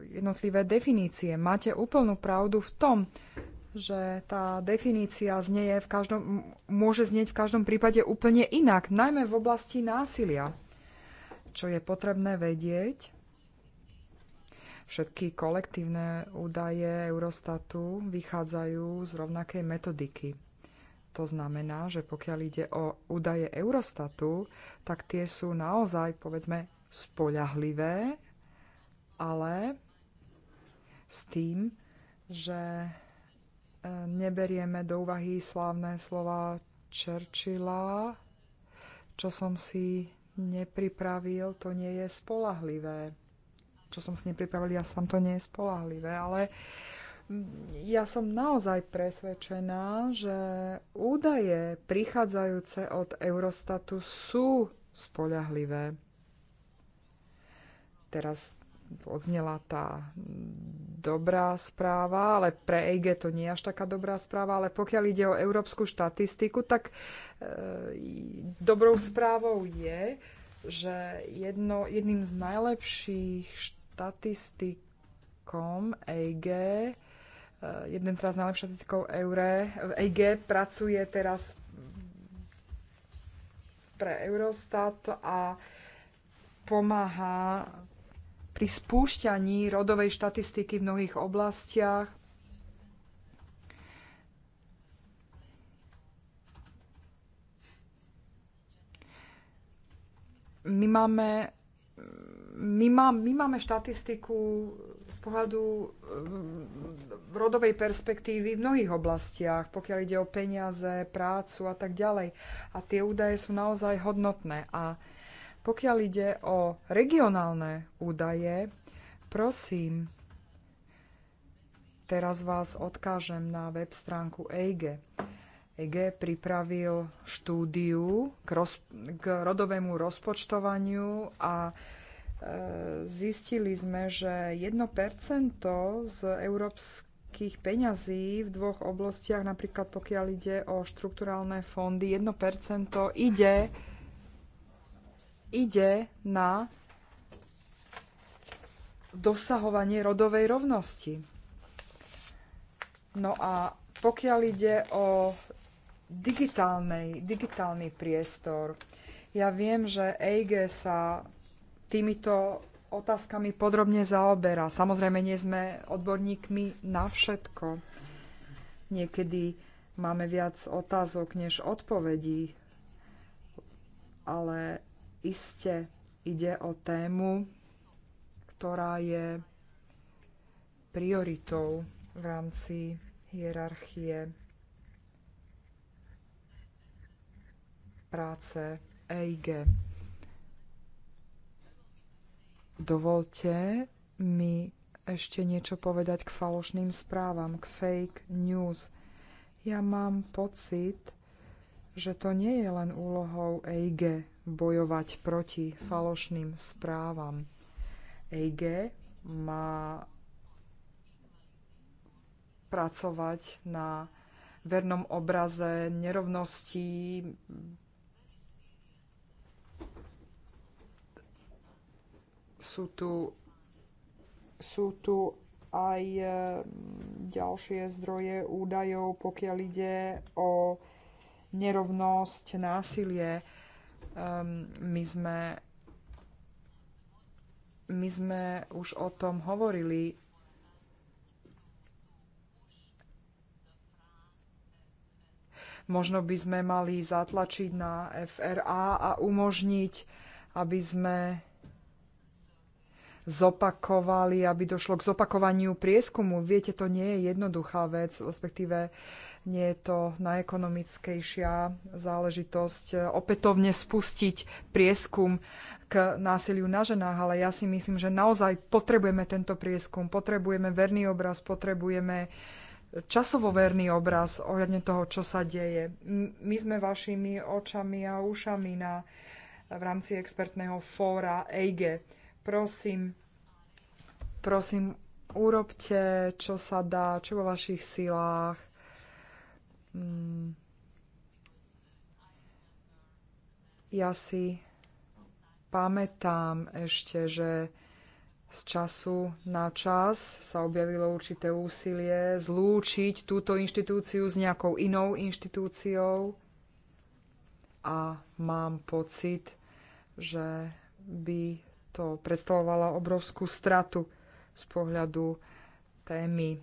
jednotlivé definície. Máte úplnú pravdu v tom, že tá definícia znieje v každom, môže znieť v každom prípade úplne inak, najmä v oblasti násilia. Čo je potrebné vedieť, všetky kolektívne údaje Eurostatu vychádzajú z rovnakej metodiky. To znamená, že pokiaľ ide o údaje Eurostatu, tak tie sú naozaj, povedzme, spoľahlivé, ale s tým, že e, neberieme do úvahy slávne slova Churchilla, čo som si nepripravil, to nie je spolahlivé. Čo som si nepripravil, ja sám to nie je spolahlivé, ale ja som naozaj presvedčená, že údaje prichádzajúce od Eurostatu sú spolahlivé teraz odznela tá dobrá správa, ale pre EG to nie je až taká dobrá správa, ale pokiaľ ide o európsku štatistiku, tak e, dobrou správou je, že jedno, jedným z najlepších štatistikom EG, e, jeden teraz najlepších štatistikov EURE, EG pracuje teraz pre Eurostat a pomáha pri spúšťaní rodovej štatistiky v mnohých oblastiach. My máme, my, má, my máme štatistiku z pohľadu eh, rodovej perspektívy v mnohých oblastiach, pokiaľ ide o peniaze, prácu a tak ďalej. A tie údaje sú naozaj hodnotné. A uh, pokiaľ ide o regionálne údaje, prosím, teraz vás odkážem na web stránku EIGE. EG e pripravil štúdiu k, roz, k rodovému rozpočtovaniu a e, zistili sme, že 1% z európskych peňazí v dvoch oblastiach, napríklad pokiaľ ide o štrukturálne fondy, 1% ide ide na dosahovanie rodovej rovnosti. No a pokiaľ ide o digitálny priestor, ja viem, že EIG sa týmito otázkami podrobne zaoberá. Samozrejme, nie sme odborníkmi na všetko. Niekedy máme viac otázok než odpovedí, ale Iste ide o tému, ktorá je prioritou v rámci hierarchie práce EIG. Dovolte mi ešte niečo povedať k falošným správam, k fake news. Ja mám pocit, že to nie je len úlohou EIG bojovať proti falošným správam. EIG má pracovať na vernom obraze nerovností, sú tu, sú tu aj e, ďalšie zdroje údajov, pokiaľ ide o nerovnosť, násilie. Um, my sme my sme už o tom hovorili Možno by sme mali zatlačiť na FRA a umožniť, aby sme zopakovali, aby došlo k zopakovaniu prieskumu. Viete, to nie je jednoduchá vec, respektíve nie je to najekonomickejšia záležitosť opätovne spustiť prieskum k násiliu na ženách, ale ja si myslím, že naozaj potrebujeme tento prieskum, potrebujeme verný obraz, potrebujeme časovo verný obraz ohľadne toho, čo sa deje. My sme vašimi očami a ušami na, v rámci expertného fóra EIGE Prosím, prosím, urobte, čo sa dá, čo vo vašich silách. Mm. Ja si pamätám ešte, že z času na čas sa objavilo určité úsilie zlúčiť túto inštitúciu s nejakou inou inštitúciou a mám pocit, že by to predstavovala obrovskú stratu z pohľadu témy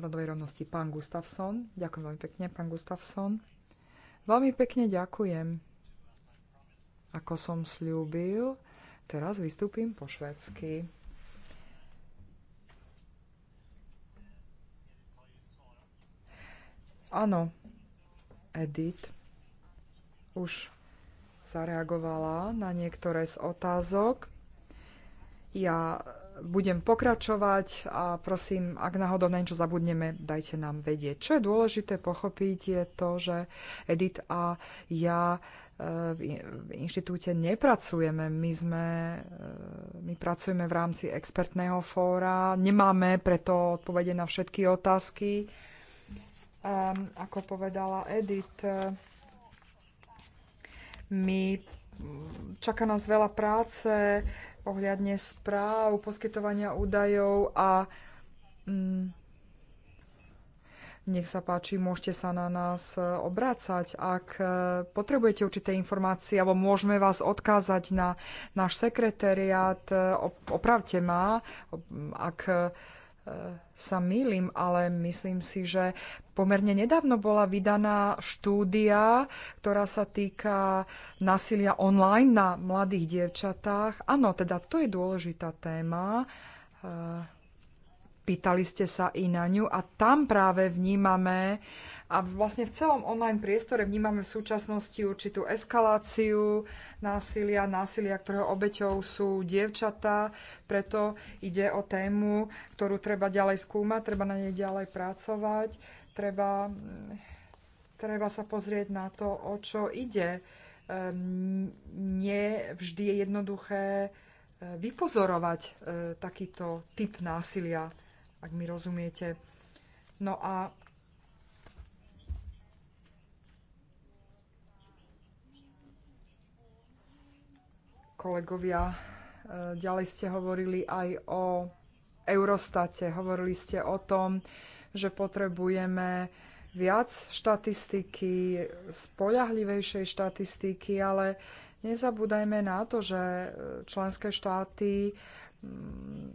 rodovej rovnosti pán Gustafsson. Ďakujem veľmi pekne, pán Gustafsson. Veľmi pekne ďakujem. Ako som slúbil, teraz vystúpim po švedsky. Áno, Edith, už zareagovala na niektoré z otázok. Ja budem pokračovať a prosím, ak náhodou na niečo zabudneme, dajte nám vedieť. Čo je dôležité pochopiť je to, že Edith a ja e, v inštitúte nepracujeme. My, sme, e, my pracujeme v rámci expertného fóra, nemáme preto odpovede na všetky otázky. Ehm, ako povedala Edith, e, my čaká nás veľa práce ohľadne správ, poskytovania údajov a mm, nech sa páči, môžete sa na nás e, obrácať. Ak e, potrebujete určité informácie, alebo môžeme vás odkázať na náš sekretariat, e, opravte ma, ak sa milím, ale myslím si, že pomerne nedávno bola vydaná štúdia, ktorá sa týka násilia online na mladých dievčatách. Áno, teda to je dôležitá téma pýtali ste sa i na ňu a tam práve vnímame a vlastne v celom online priestore vnímame v súčasnosti určitú eskaláciu násilia, násilia, ktorého obeťou sú dievčatá, preto ide o tému, ktorú treba ďalej skúmať, treba na nej ďalej pracovať, treba, treba sa pozrieť na to, o čo ide. Ehm, nie vždy je jednoduché e, vypozorovať e, takýto typ násilia ak mi rozumiete. No a kolegovia, e, ďalej ste hovorili aj o Eurostate. Hovorili ste o tom, že potrebujeme viac štatistiky, spoľahlivejšej štatistiky, ale nezabúdajme na to, že členské štáty Mm,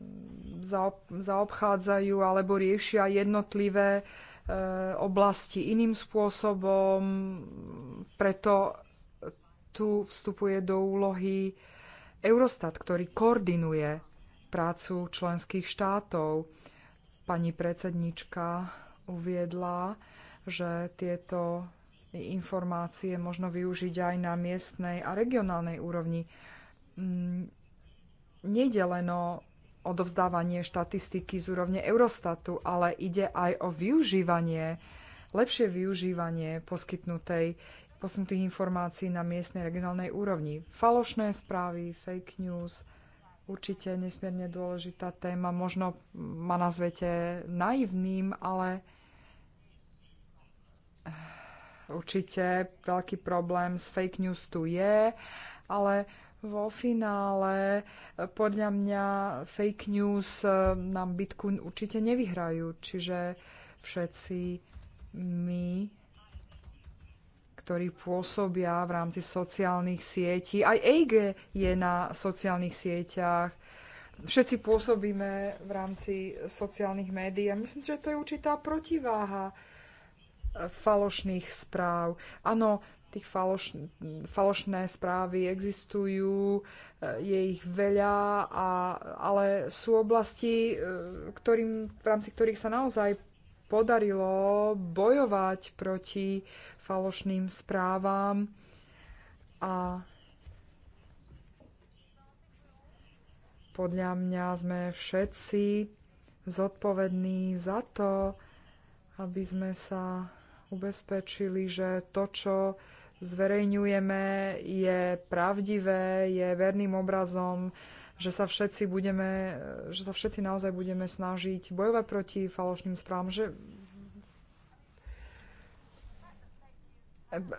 zaobchádzajú alebo riešia jednotlivé e, oblasti iným spôsobom. Preto tu vstupuje do úlohy Eurostat, ktorý koordinuje prácu členských štátov. Pani predsednička uviedla, že tieto informácie možno využiť aj na miestnej a regionálnej úrovni mm, nejde len o odovzdávanie štatistiky z úrovne Eurostatu, ale ide aj o využívanie, lepšie využívanie poskytnutej posunutých informácií na miestnej regionálnej úrovni. Falošné správy, fake news, určite nesmierne dôležitá téma. Možno ma nazvete naivným, ale určite veľký problém s fake news tu je, ale vo finále eh, podľa mňa fake news eh, nám Bitcoin určite nevyhrajú. Čiže všetci my, ktorí pôsobia v rámci sociálnych sietí, aj EG je na sociálnych sieťach, všetci pôsobíme v rámci sociálnych médií a myslím, že to je určitá protiváha eh, falošných správ. Áno, tých faloš, falošné správy existujú, eh, je ich veľa, a, ale sú oblasti, eh, ktorým, v rámci ktorých sa naozaj podarilo bojovať proti falošným správam a podľa mňa sme všetci zodpovední za to, aby sme sa ubezpečili, že to, čo zverejňujeme, je pravdivé, je verným obrazom, že sa všetci budeme, že sa všetci naozaj budeme snažiť bojovať proti falošným správam, že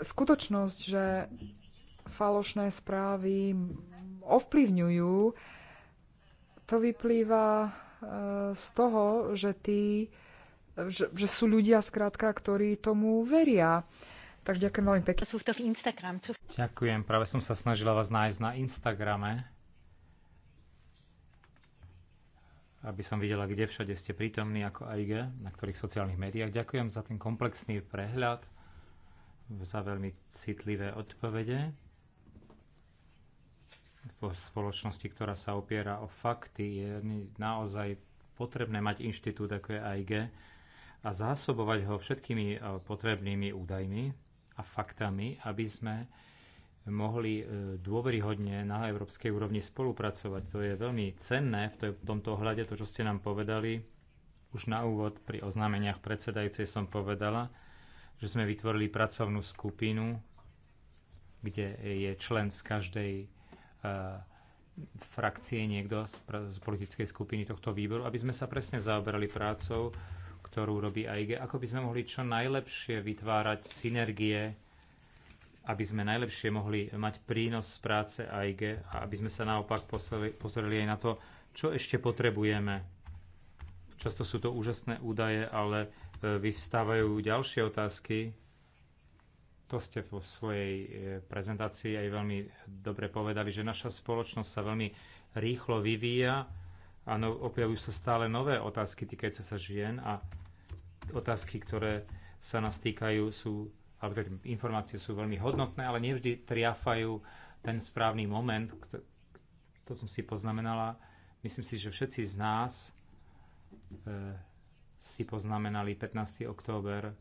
skutočnosť, že falošné správy ovplyvňujú, to vyplýva e, z toho, že, tí, že, že sú ľudia zkrátka, ktorí tomu veria. Takže ďakujem veľmi pekne. Sú to v Instagram. Ďakujem, práve som sa snažila vás nájsť na Instagrame. aby som videla, kde všade ste prítomní ako AIG, na ktorých sociálnych médiách. Ďakujem za ten komplexný prehľad, za veľmi citlivé odpovede Po spoločnosti, ktorá sa opiera o fakty, je naozaj potrebné mať inštitút ako je AIG a zásobovať ho všetkými eh, potrebnými údajmi a faktami, aby sme mohli e, dôveryhodne na európskej úrovni spolupracovať. To je veľmi cenné v tomto ohľade, to, čo ste nám povedali. Už na úvod pri oznámeniach predsedajúcej som povedala, že sme vytvorili pracovnú skupinu, kde je člen z každej uh, frakcie niekto z, z politickej skupiny tohto výboru, aby sme sa presne zaoberali prácou ktorú robí AIG, ako by sme mohli čo najlepšie vytvárať synergie, aby sme najlepšie mohli mať prínos z práce AIG a aby sme sa naopak pozreli aj na to, čo ešte potrebujeme. Často sú to úžasné údaje, ale e, vyvstávajú ďalšie otázky. To ste vo svojej e, prezentácii aj veľmi dobre povedali, že naša spoločnosť sa veľmi rýchlo vyvíja Áno, objavujú sa stále nové otázky týkajúce sa žien a otázky, ktoré sa nás týkajú, sú, alebo teda informácie sú veľmi hodnotné, ale nevždy triafajú ten správny moment. To som si poznamenala. Myslím si, že všetci z nás e, si poznamenali 15. október,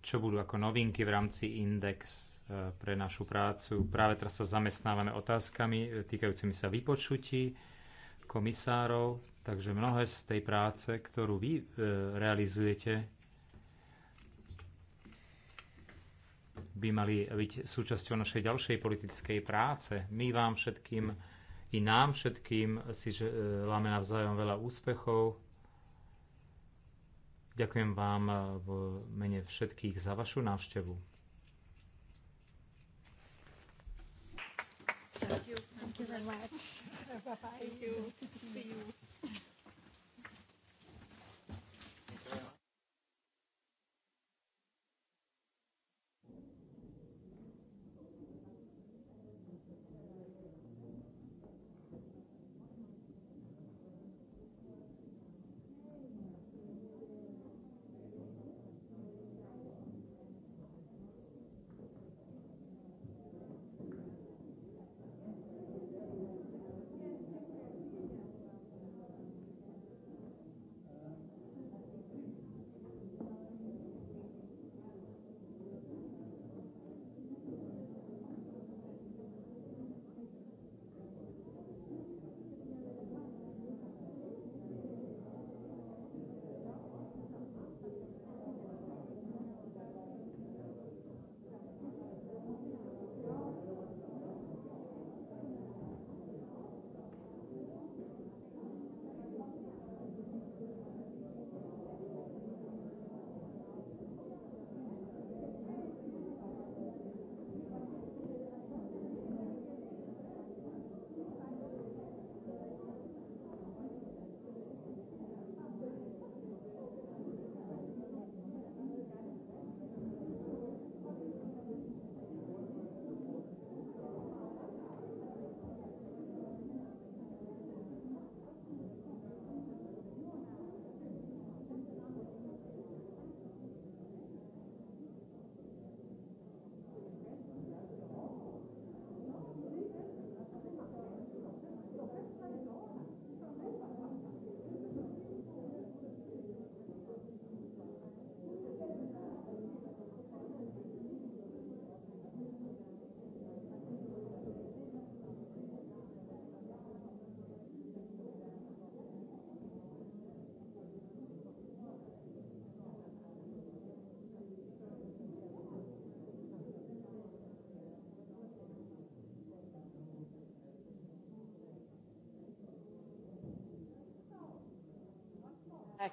čo budú ako novinky v rámci index pre našu prácu. Práve teraz sa zamestnávame otázkami e, týkajúcimi sa vypočutí komisárov, takže mnohé z tej práce, ktorú vy e, realizujete, by mali byť súčasťou našej ďalšej politickej práce. My vám všetkým i nám všetkým si želáme e, navzájom veľa úspechov. Ďakujem vám v mene všetkých za vašu návštevu. Thank you. Thank you very much. Bye-bye. Thank you. See you.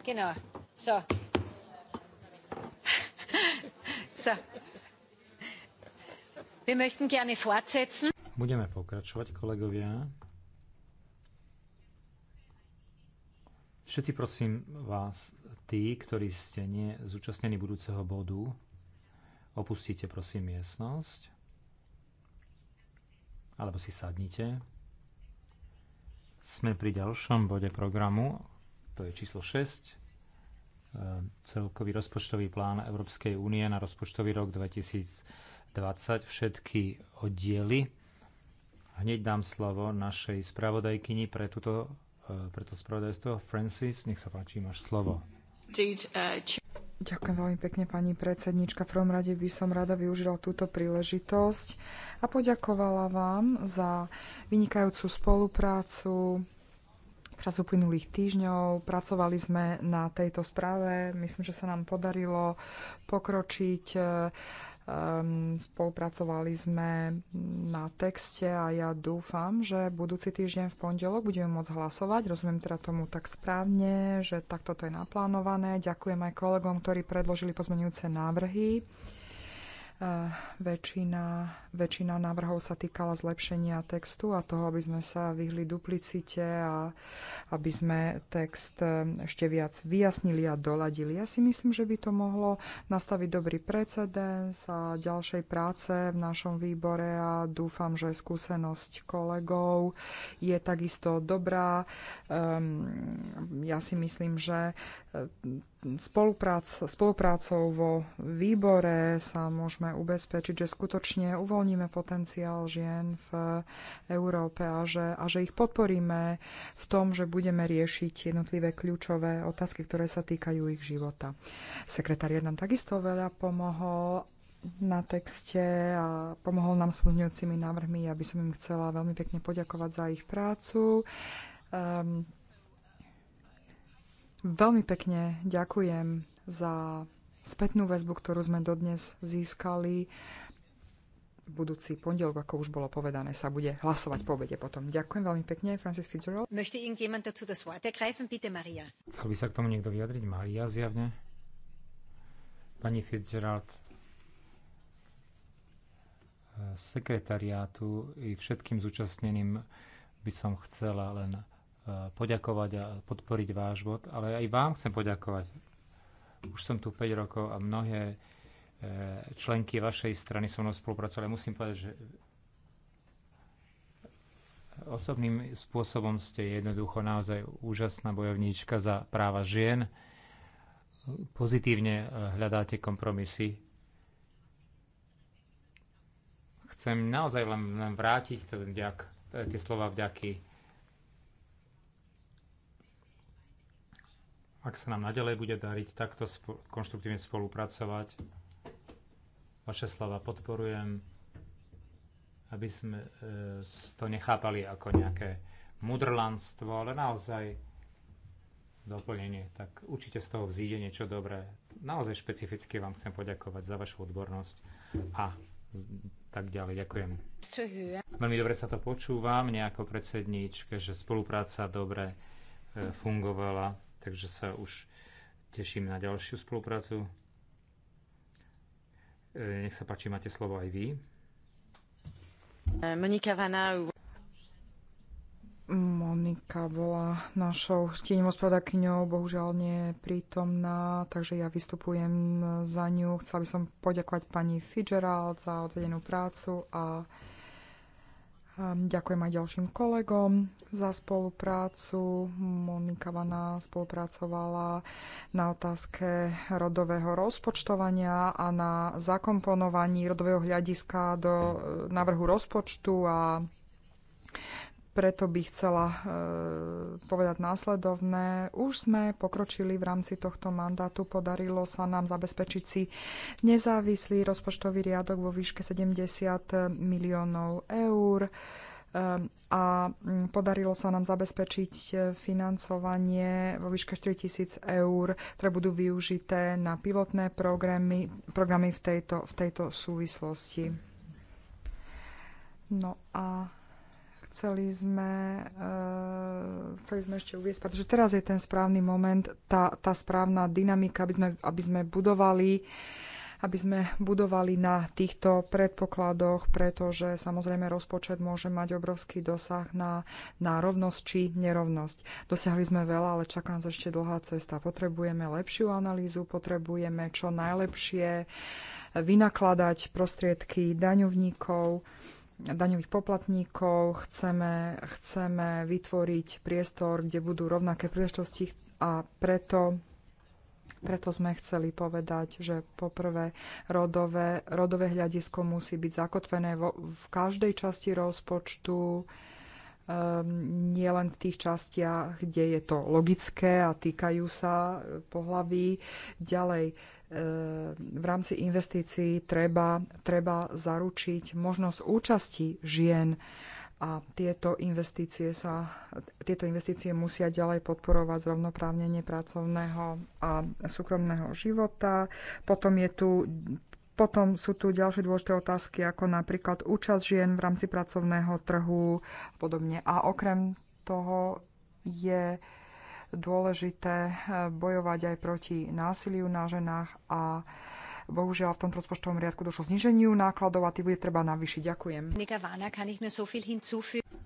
Genau. No so. so. Wir möchten gerne fortsetzen. Budeme pokračovať, kolegovia. Všetci prosím vás, tí, ktorí ste nie zúčastnení budúceho bodu, opustite prosím miestnosť alebo si sadnite. Sme pri ďalšom bode programu, to je číslo 6, e, celkový rozpočtový plán Európskej únie na rozpočtový rok 2020, všetky oddiely. Hneď dám slovo našej spravodajkyni pre, tuto, e, pre to spravodajstvo. Francis, nech sa páči, máš slovo. Uh, Ďakujem veľmi pekne, pani predsednička. V prvom rade by som rada využila túto príležitosť a poďakovala vám za vynikajúcu spoluprácu, počas uplynulých týždňov. Pracovali sme na tejto správe. Myslím, že sa nám podarilo pokročiť. E, spolupracovali sme na texte a ja dúfam, že budúci týždeň v pondelok budeme môcť hlasovať. Rozumiem teda tomu tak správne, že takto to je naplánované. Ďakujem aj kolegom, ktorí predložili pozmenujúce návrhy. Eh, väčšina, väčšina návrhov sa týkala zlepšenia textu a toho, aby sme sa vyhli duplicite a aby sme text eh, ešte viac vyjasnili a doladili. Ja si myslím, že by to mohlo nastaviť dobrý precedens a ďalšej práce v našom výbore a dúfam, že skúsenosť kolegov je takisto dobrá. Ehm, ja si myslím, že spoluprác, spoluprácou vo výbore sa môžeme ubezpečiť, že skutočne uvoľníme potenciál žien v Európe a že, a že ich podporíme v tom, že budeme riešiť jednotlivé kľúčové otázky, ktoré sa týkajú ich života. Sekretariat nám takisto veľa pomohol na texte a pomohol nám s pozňujúcimi návrhmi. Ja by som im chcela veľmi pekne poďakovať za ich prácu. Um, Veľmi pekne ďakujem za spätnú väzbu, ktorú sme dodnes získali. Budúci pondelok, ako už bolo povedané, sa bude hlasovať po obede potom. Ďakujem veľmi pekne, Francis Fitzgerald. Chcel by sa k tomu niekto vyjadriť? Maria zjavne. Pani Fitzgerald, eh, sekretariátu i všetkým zúčastneným by som chcela len poďakovať a podporiť váš bod, ale aj vám chcem poďakovať. Už som tu 5 rokov a mnohé e, členky vašej strany so mnou spolupracovali. Musím povedať, že osobným spôsobom ste jednoducho naozaj úžasná bojovníčka za práva žien. Pozitívne e, hľadáte kompromisy. Chcem naozaj len, len vrátiť ten vďak, e, tie slova vďaky Ak sa nám naďalej bude dariť takto sp- konštruktívne spolupracovať, vaše slova podporujem, aby sme e, to nechápali ako nejaké mudrlanstvo, ale naozaj doplnenie, tak určite z toho vzíde niečo dobré. Naozaj špecificky vám chcem poďakovať za vašu odbornosť a tak ďalej. Ďakujem. Veľmi dobre sa to počúvam, nejako predsedníčke, že spolupráca dobre e, fungovala takže sa už teším na ďalšiu spoluprácu. E, nech sa páči, máte slovo aj vy. Monika Vanau. Monika bola našou tieňom spravodajkyňou, bohužiaľ nie prítomná, takže ja vystupujem za ňu. Chcela by som poďakovať pani Fitzgerald za odvedenú prácu a Ehm, ďakujem aj ďalším kolegom za spoluprácu. Monika Vana spolupracovala na otázke rodového rozpočtovania a na zakomponovaní rodového hľadiska do e, návrhu rozpočtu a preto by chcela e, povedať následovné. Už sme pokročili v rámci tohto mandátu, podarilo sa nám zabezpečiť si nezávislý rozpočtový riadok vo výške 70 miliónov eur ehm, a mm, podarilo sa nám zabezpečiť e, financovanie vo výške 4000 eur, ktoré budú využité na pilotné programy, programy v, tejto, v tejto súvislosti. No a Chceli sme, eh, chceli sme ešte uviesť, pretože teraz je ten správny moment, tá, tá správna dynamika, aby sme, aby sme budovali aby sme budovali na týchto predpokladoch, pretože samozrejme rozpočet môže mať obrovský dosah na, na rovnosť či nerovnosť. Dosiahli sme veľa, ale čaká nás ešte dlhá cesta. Potrebujeme lepšiu analýzu, potrebujeme čo najlepšie eh, vynakladať prostriedky daňovníkov daňových poplatníkov, chceme, chceme vytvoriť priestor, kde budú rovnaké príležitosti a preto, preto sme chceli povedať, že poprvé rodové, rodové hľadisko musí byť zakotvené vo, v každej časti rozpočtu, Ehm, nielen v tých častiach, kde je to logické a týkajú sa e, pohlaví. Ďalej, e, v rámci investícií treba, treba zaručiť možnosť účasti žien a tieto investície, sa, tieto investície musia ďalej podporovať zrovnoprávnenie pracovného a súkromného života. Potom je tu potom sú tu ďalšie dôležité otázky, ako napríklad účasť žien v rámci pracovného trhu a podobne. A okrem toho je dôležité eh, bojovať aj proti násiliu na ženách a bohužiaľ v tomto rozpočtovom riadku došlo zniženiu nákladov a tie bude treba navýšiť. Ďakujem.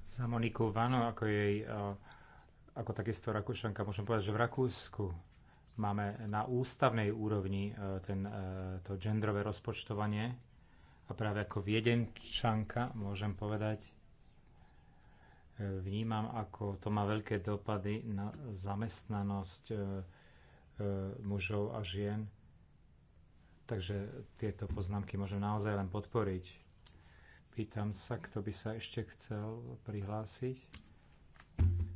Za Moniku Vano, ako jej eh, ako takisto Rakúšanka, môžem povedať, že v Rakúsku Máme na ústavnej úrovni e, ten, e, to genderové rozpočtovanie a práve ako viedenčanka môžem povedať, e, vnímam, ako to má veľké dopady na zamestnanosť mužov a žien. Takže tieto poznámky môžem naozaj len podporiť. Pýtam sa, kto by sa ešte chcel prihlásiť.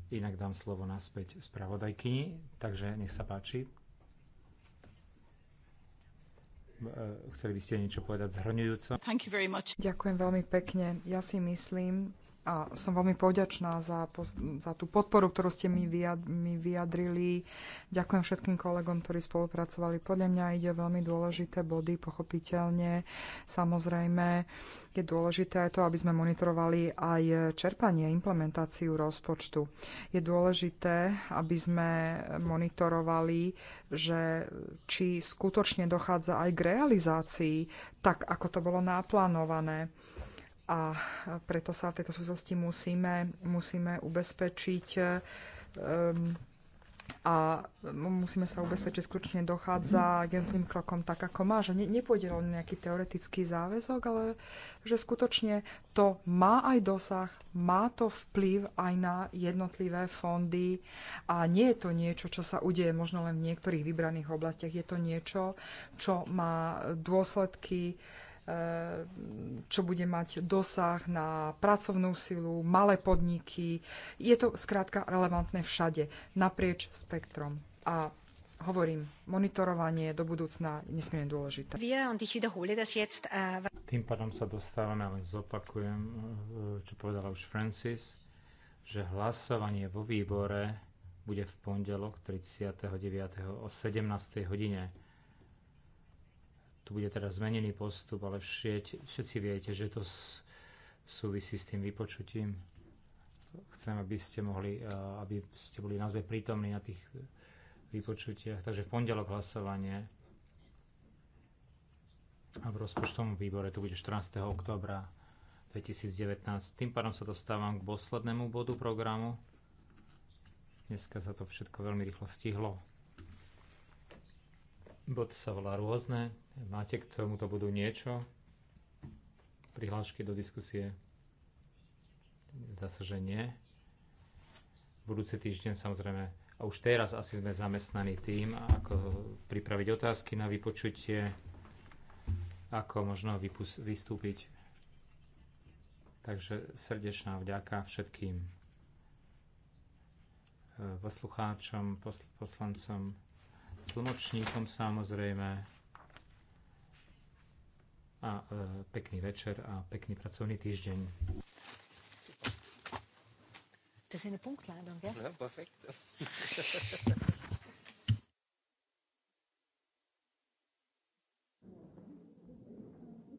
Inak dám slovo naspäť spravodajkyni, takže nech sa páči. E, chceli by ste niečo povedať zhrňujúco? Ďakujem veľmi pekne. Ja si myslím, a som veľmi poďačná za, za tú podporu, ktorú ste mi, vyjad, mi vyjadrili. Ďakujem všetkým kolegom, ktorí spolupracovali. Podľa mňa ide veľmi dôležité body, pochopiteľne. Samozrejme, je dôležité aj to, aby sme monitorovali aj čerpanie, implementáciu rozpočtu. Je dôležité, aby sme monitorovali, že či skutočne dochádza aj k realizácii, tak ako to bolo naplánované a preto sa v tejto súvislosti musíme, musíme ubezpečiť um, a musíme sa ubezpečiť, že skutočne dochádza mhm. k jednotným krokom tak, ako má, že ne, nepôjde len nejaký teoretický záväzok, ale že skutočne to má aj dosah, má to vplyv aj na jednotlivé fondy a nie je to niečo, čo sa udeje možno len v niektorých vybraných oblastiach. Je to niečo, čo má dôsledky uh, Eh, čo bude mať dosah na pracovnú silu, malé podniky. Je to skrátka relevantné všade, naprieč spektrom. A hovorím, monitorovanie do budúcna je nesmierne dôležité. Äh, Tým pádom sa dostávame, ale zopakujem, eh, čo povedala už Francis, že hlasovanie vo výbore bude v pondelok 39. o 17. hodine tu bude teda zmenený postup, ale všieť, všetci viete, že to súvisí s tým vypočutím. Chcem, aby ste mohli, eh, aby ste boli naozaj prítomní na tých vypočutiach. Takže v pondelok hlasovanie a v rozpočtovom výbore tu bude 14. oktobra 2019. Tým pádom sa dostávam k poslednému bodu programu. Dneska sa to všetko veľmi rýchlo stihlo. Bod sa volá rôzne. Máte k tomuto bodu niečo? Prihlášky do diskusie? Zase, že nie. Budúci týždeň samozrejme. A už teraz asi sme zamestnaní tým, ako pripraviť otázky na vypočutie, ako možno vystúpiť. Takže srdečná vďaka všetkým eh, poslucháčom, posl- poslancom tlmočníkom samozrejme. A e, pekný večer a pekný pracovný týždeň. Das ist eine Punktladung, ja? No, ja, perfekt.